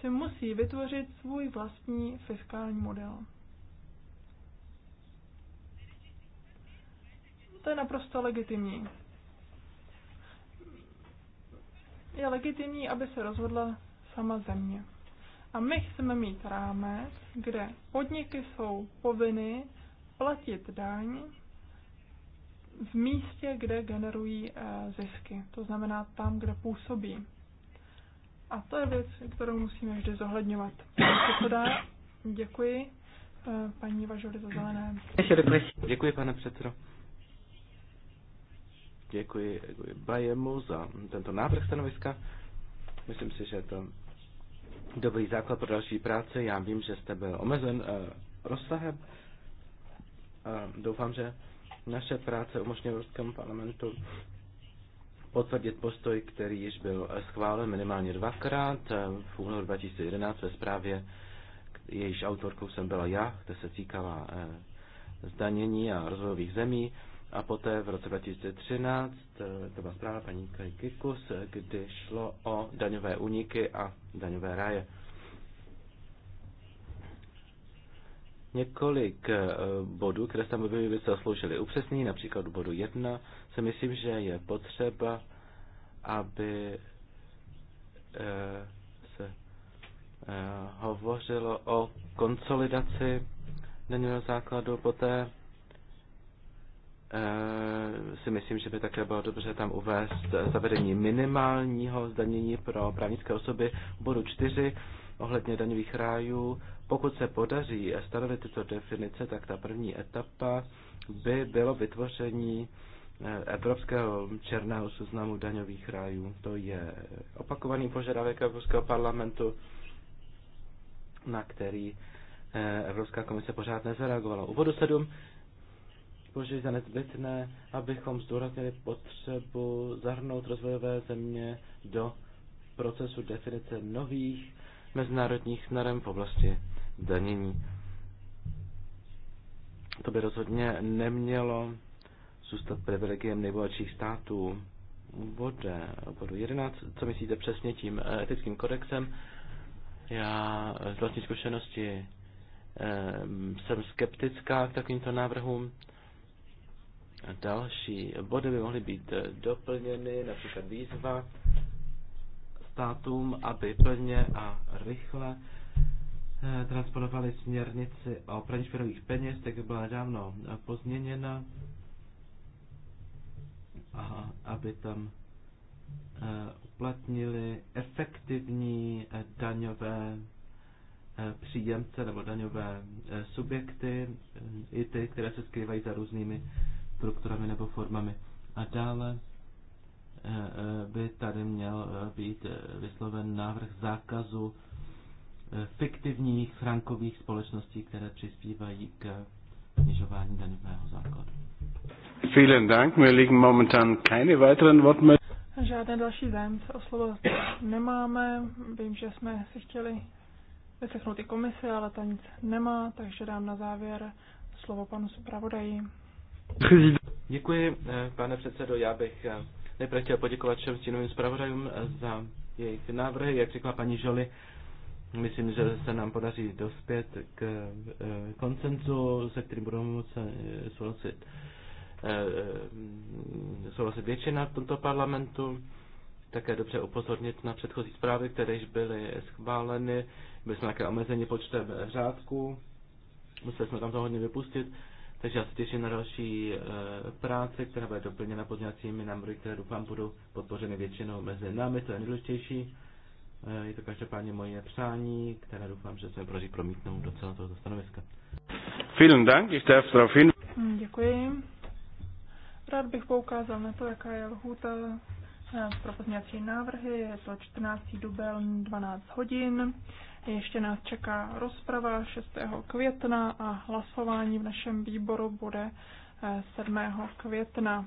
si musí vytvořit svůj vlastní fiskální model. To je naprosto legitimní. Je legitimní, aby se rozhodla sama země. A my chceme mít rámec, kde podniky jsou povinny platit daň v místě, kde generují eh, zisky, to znamená tam, kde působí. A to je věc, kterou musíme vždy zohledňovat. děkuji eh, paní Važory za zelené. Děkuji, pane předsedo. Děkuji, děkuji Bajemu za tento návrh stanoviska. Myslím si, že to dobrý základ pro další práci. Já vím, že jste byl omezen uh, rozsahem. Uh, doufám, že naše práce umožní Evropskému parlamentu potvrdit postoj, který již byl eh, schválen minimálně dvakrát eh, v únoru 2011 ve zprávě, jejíž autorkou jsem byla já, kde se týkala zdanění a rozvojových zemí. A poté v roce 2013 eh, to byla zpráva paní Kajkikus, kdy šlo o daňové úniky a daňové ráje. Několik eh, bodů, které tam by se zasloužili. upřesnění, například bodu 1, se myslím, že je potřeba, aby eh, se hovořilo o konsolidaci daňového základu poté Eh, si myslím, že by také bylo dobře tam uvést eh, zavedení minimálního zdanění pro právnické osoby v bodu 4 ohledně daňových rájů. Pokud se podaří stanovit tyto definice, tak ta první etapa by bylo vytvoření eh, Evropského černého seznamu daňových rájů. To je opakovaný požadavek Evropského parlamentu, na který Evropská komise pořád nezareagovala. U bodu 7 Považuji za nezbytné, abychom zdůraznili potřebu zahrnout rozvojové země do procesu definice nových mezinárodních norm v oblasti danění. To by rozhodně nemělo zůstat privilegiem nejbohatších států. Bode, bodu 11, co myslíte přesně tím eh, etickým kodexem? Já z vlastní zkušenosti eh, jsem skeptická k takovýmto návrhům. Další body by mohly být doplněny, například výzva státům, aby plně a rychle eh, transponovali směrnici o praní špinavých peněz, tak byla nedávno pozměněna, a aby tam eh, uplatnili efektivní eh, daňové příjemce nebo daňové subjekty, i ty, které se skrývají za různými strukturami nebo formami. A dále eh, eh, by tady měl eh, být vysloven návrh zákazu fiktivních frankových společností, které přispívají k snižování daňového základu. Vielen Dank. Mir liegen momentan keine weiteren Wortmeldungen. Žádné další zájemce o slovo nemáme. Vím, že jsme si chtěli vyslechnout i komise, ale ta nic nemá, takže dám na závěr slovo panu zpravodaji. Děkuji, eh, pane předsedo. Já bych eh, nejprve chtěl poděkovat všem stínovým zpravodajům eh, za jejich návrhy. Jak řekla paní Žoli, myslím, že se nám podaří dospět k koncenzu, se kterým budou moci souhlasit, mm, souhlasit většina v tomto parlamentu. Také dobře upozornit na předchozí zprávy, které již byly schváleny. Byli jsme také omezeni počtem řádků. Museli jsme tam to hodně vypustit. Takže já se těším na další eh, práce, která bude doplněna podňacími námory, které doufám budou podpořeny většinou mezi námi, to je nejdůležitější. Eh, je to každopádně moje přání, které doufám, že se mi podaří promítnout do celého tohoto stanoviska. Vielen Dank, ich darf darauf hin. Děkuji. Rád bych poukázal na to, jaká je lhůta Eh, pro pozměňovací návrhy. Je to 14. dubel 12 hodin. Ještě nás čeká rozprava 6. května a hlasování v našem výboru bude 7. Eh, května.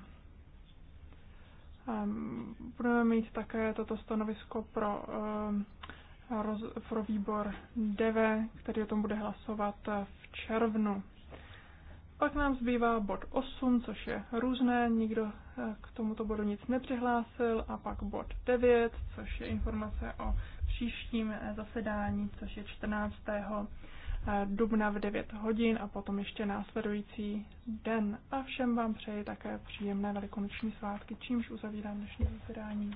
Ehm, budeme mít také toto stanovisko pro, eh, pro výbor DEVE, který o tom bude hlasovat v červnu. Pak nám zbývá bod 8, což je různé, nikdo eh, k tomuto bodu nic nepřihlásil, a pak bod 9, což je informace o příštím eh, zasedání, což je 14. Eh, dubna v 9 hodin a potom ještě následující den. A všem vám přeji také příjemné velikonoční svátky, čímž uzavírám dnešní zasedání.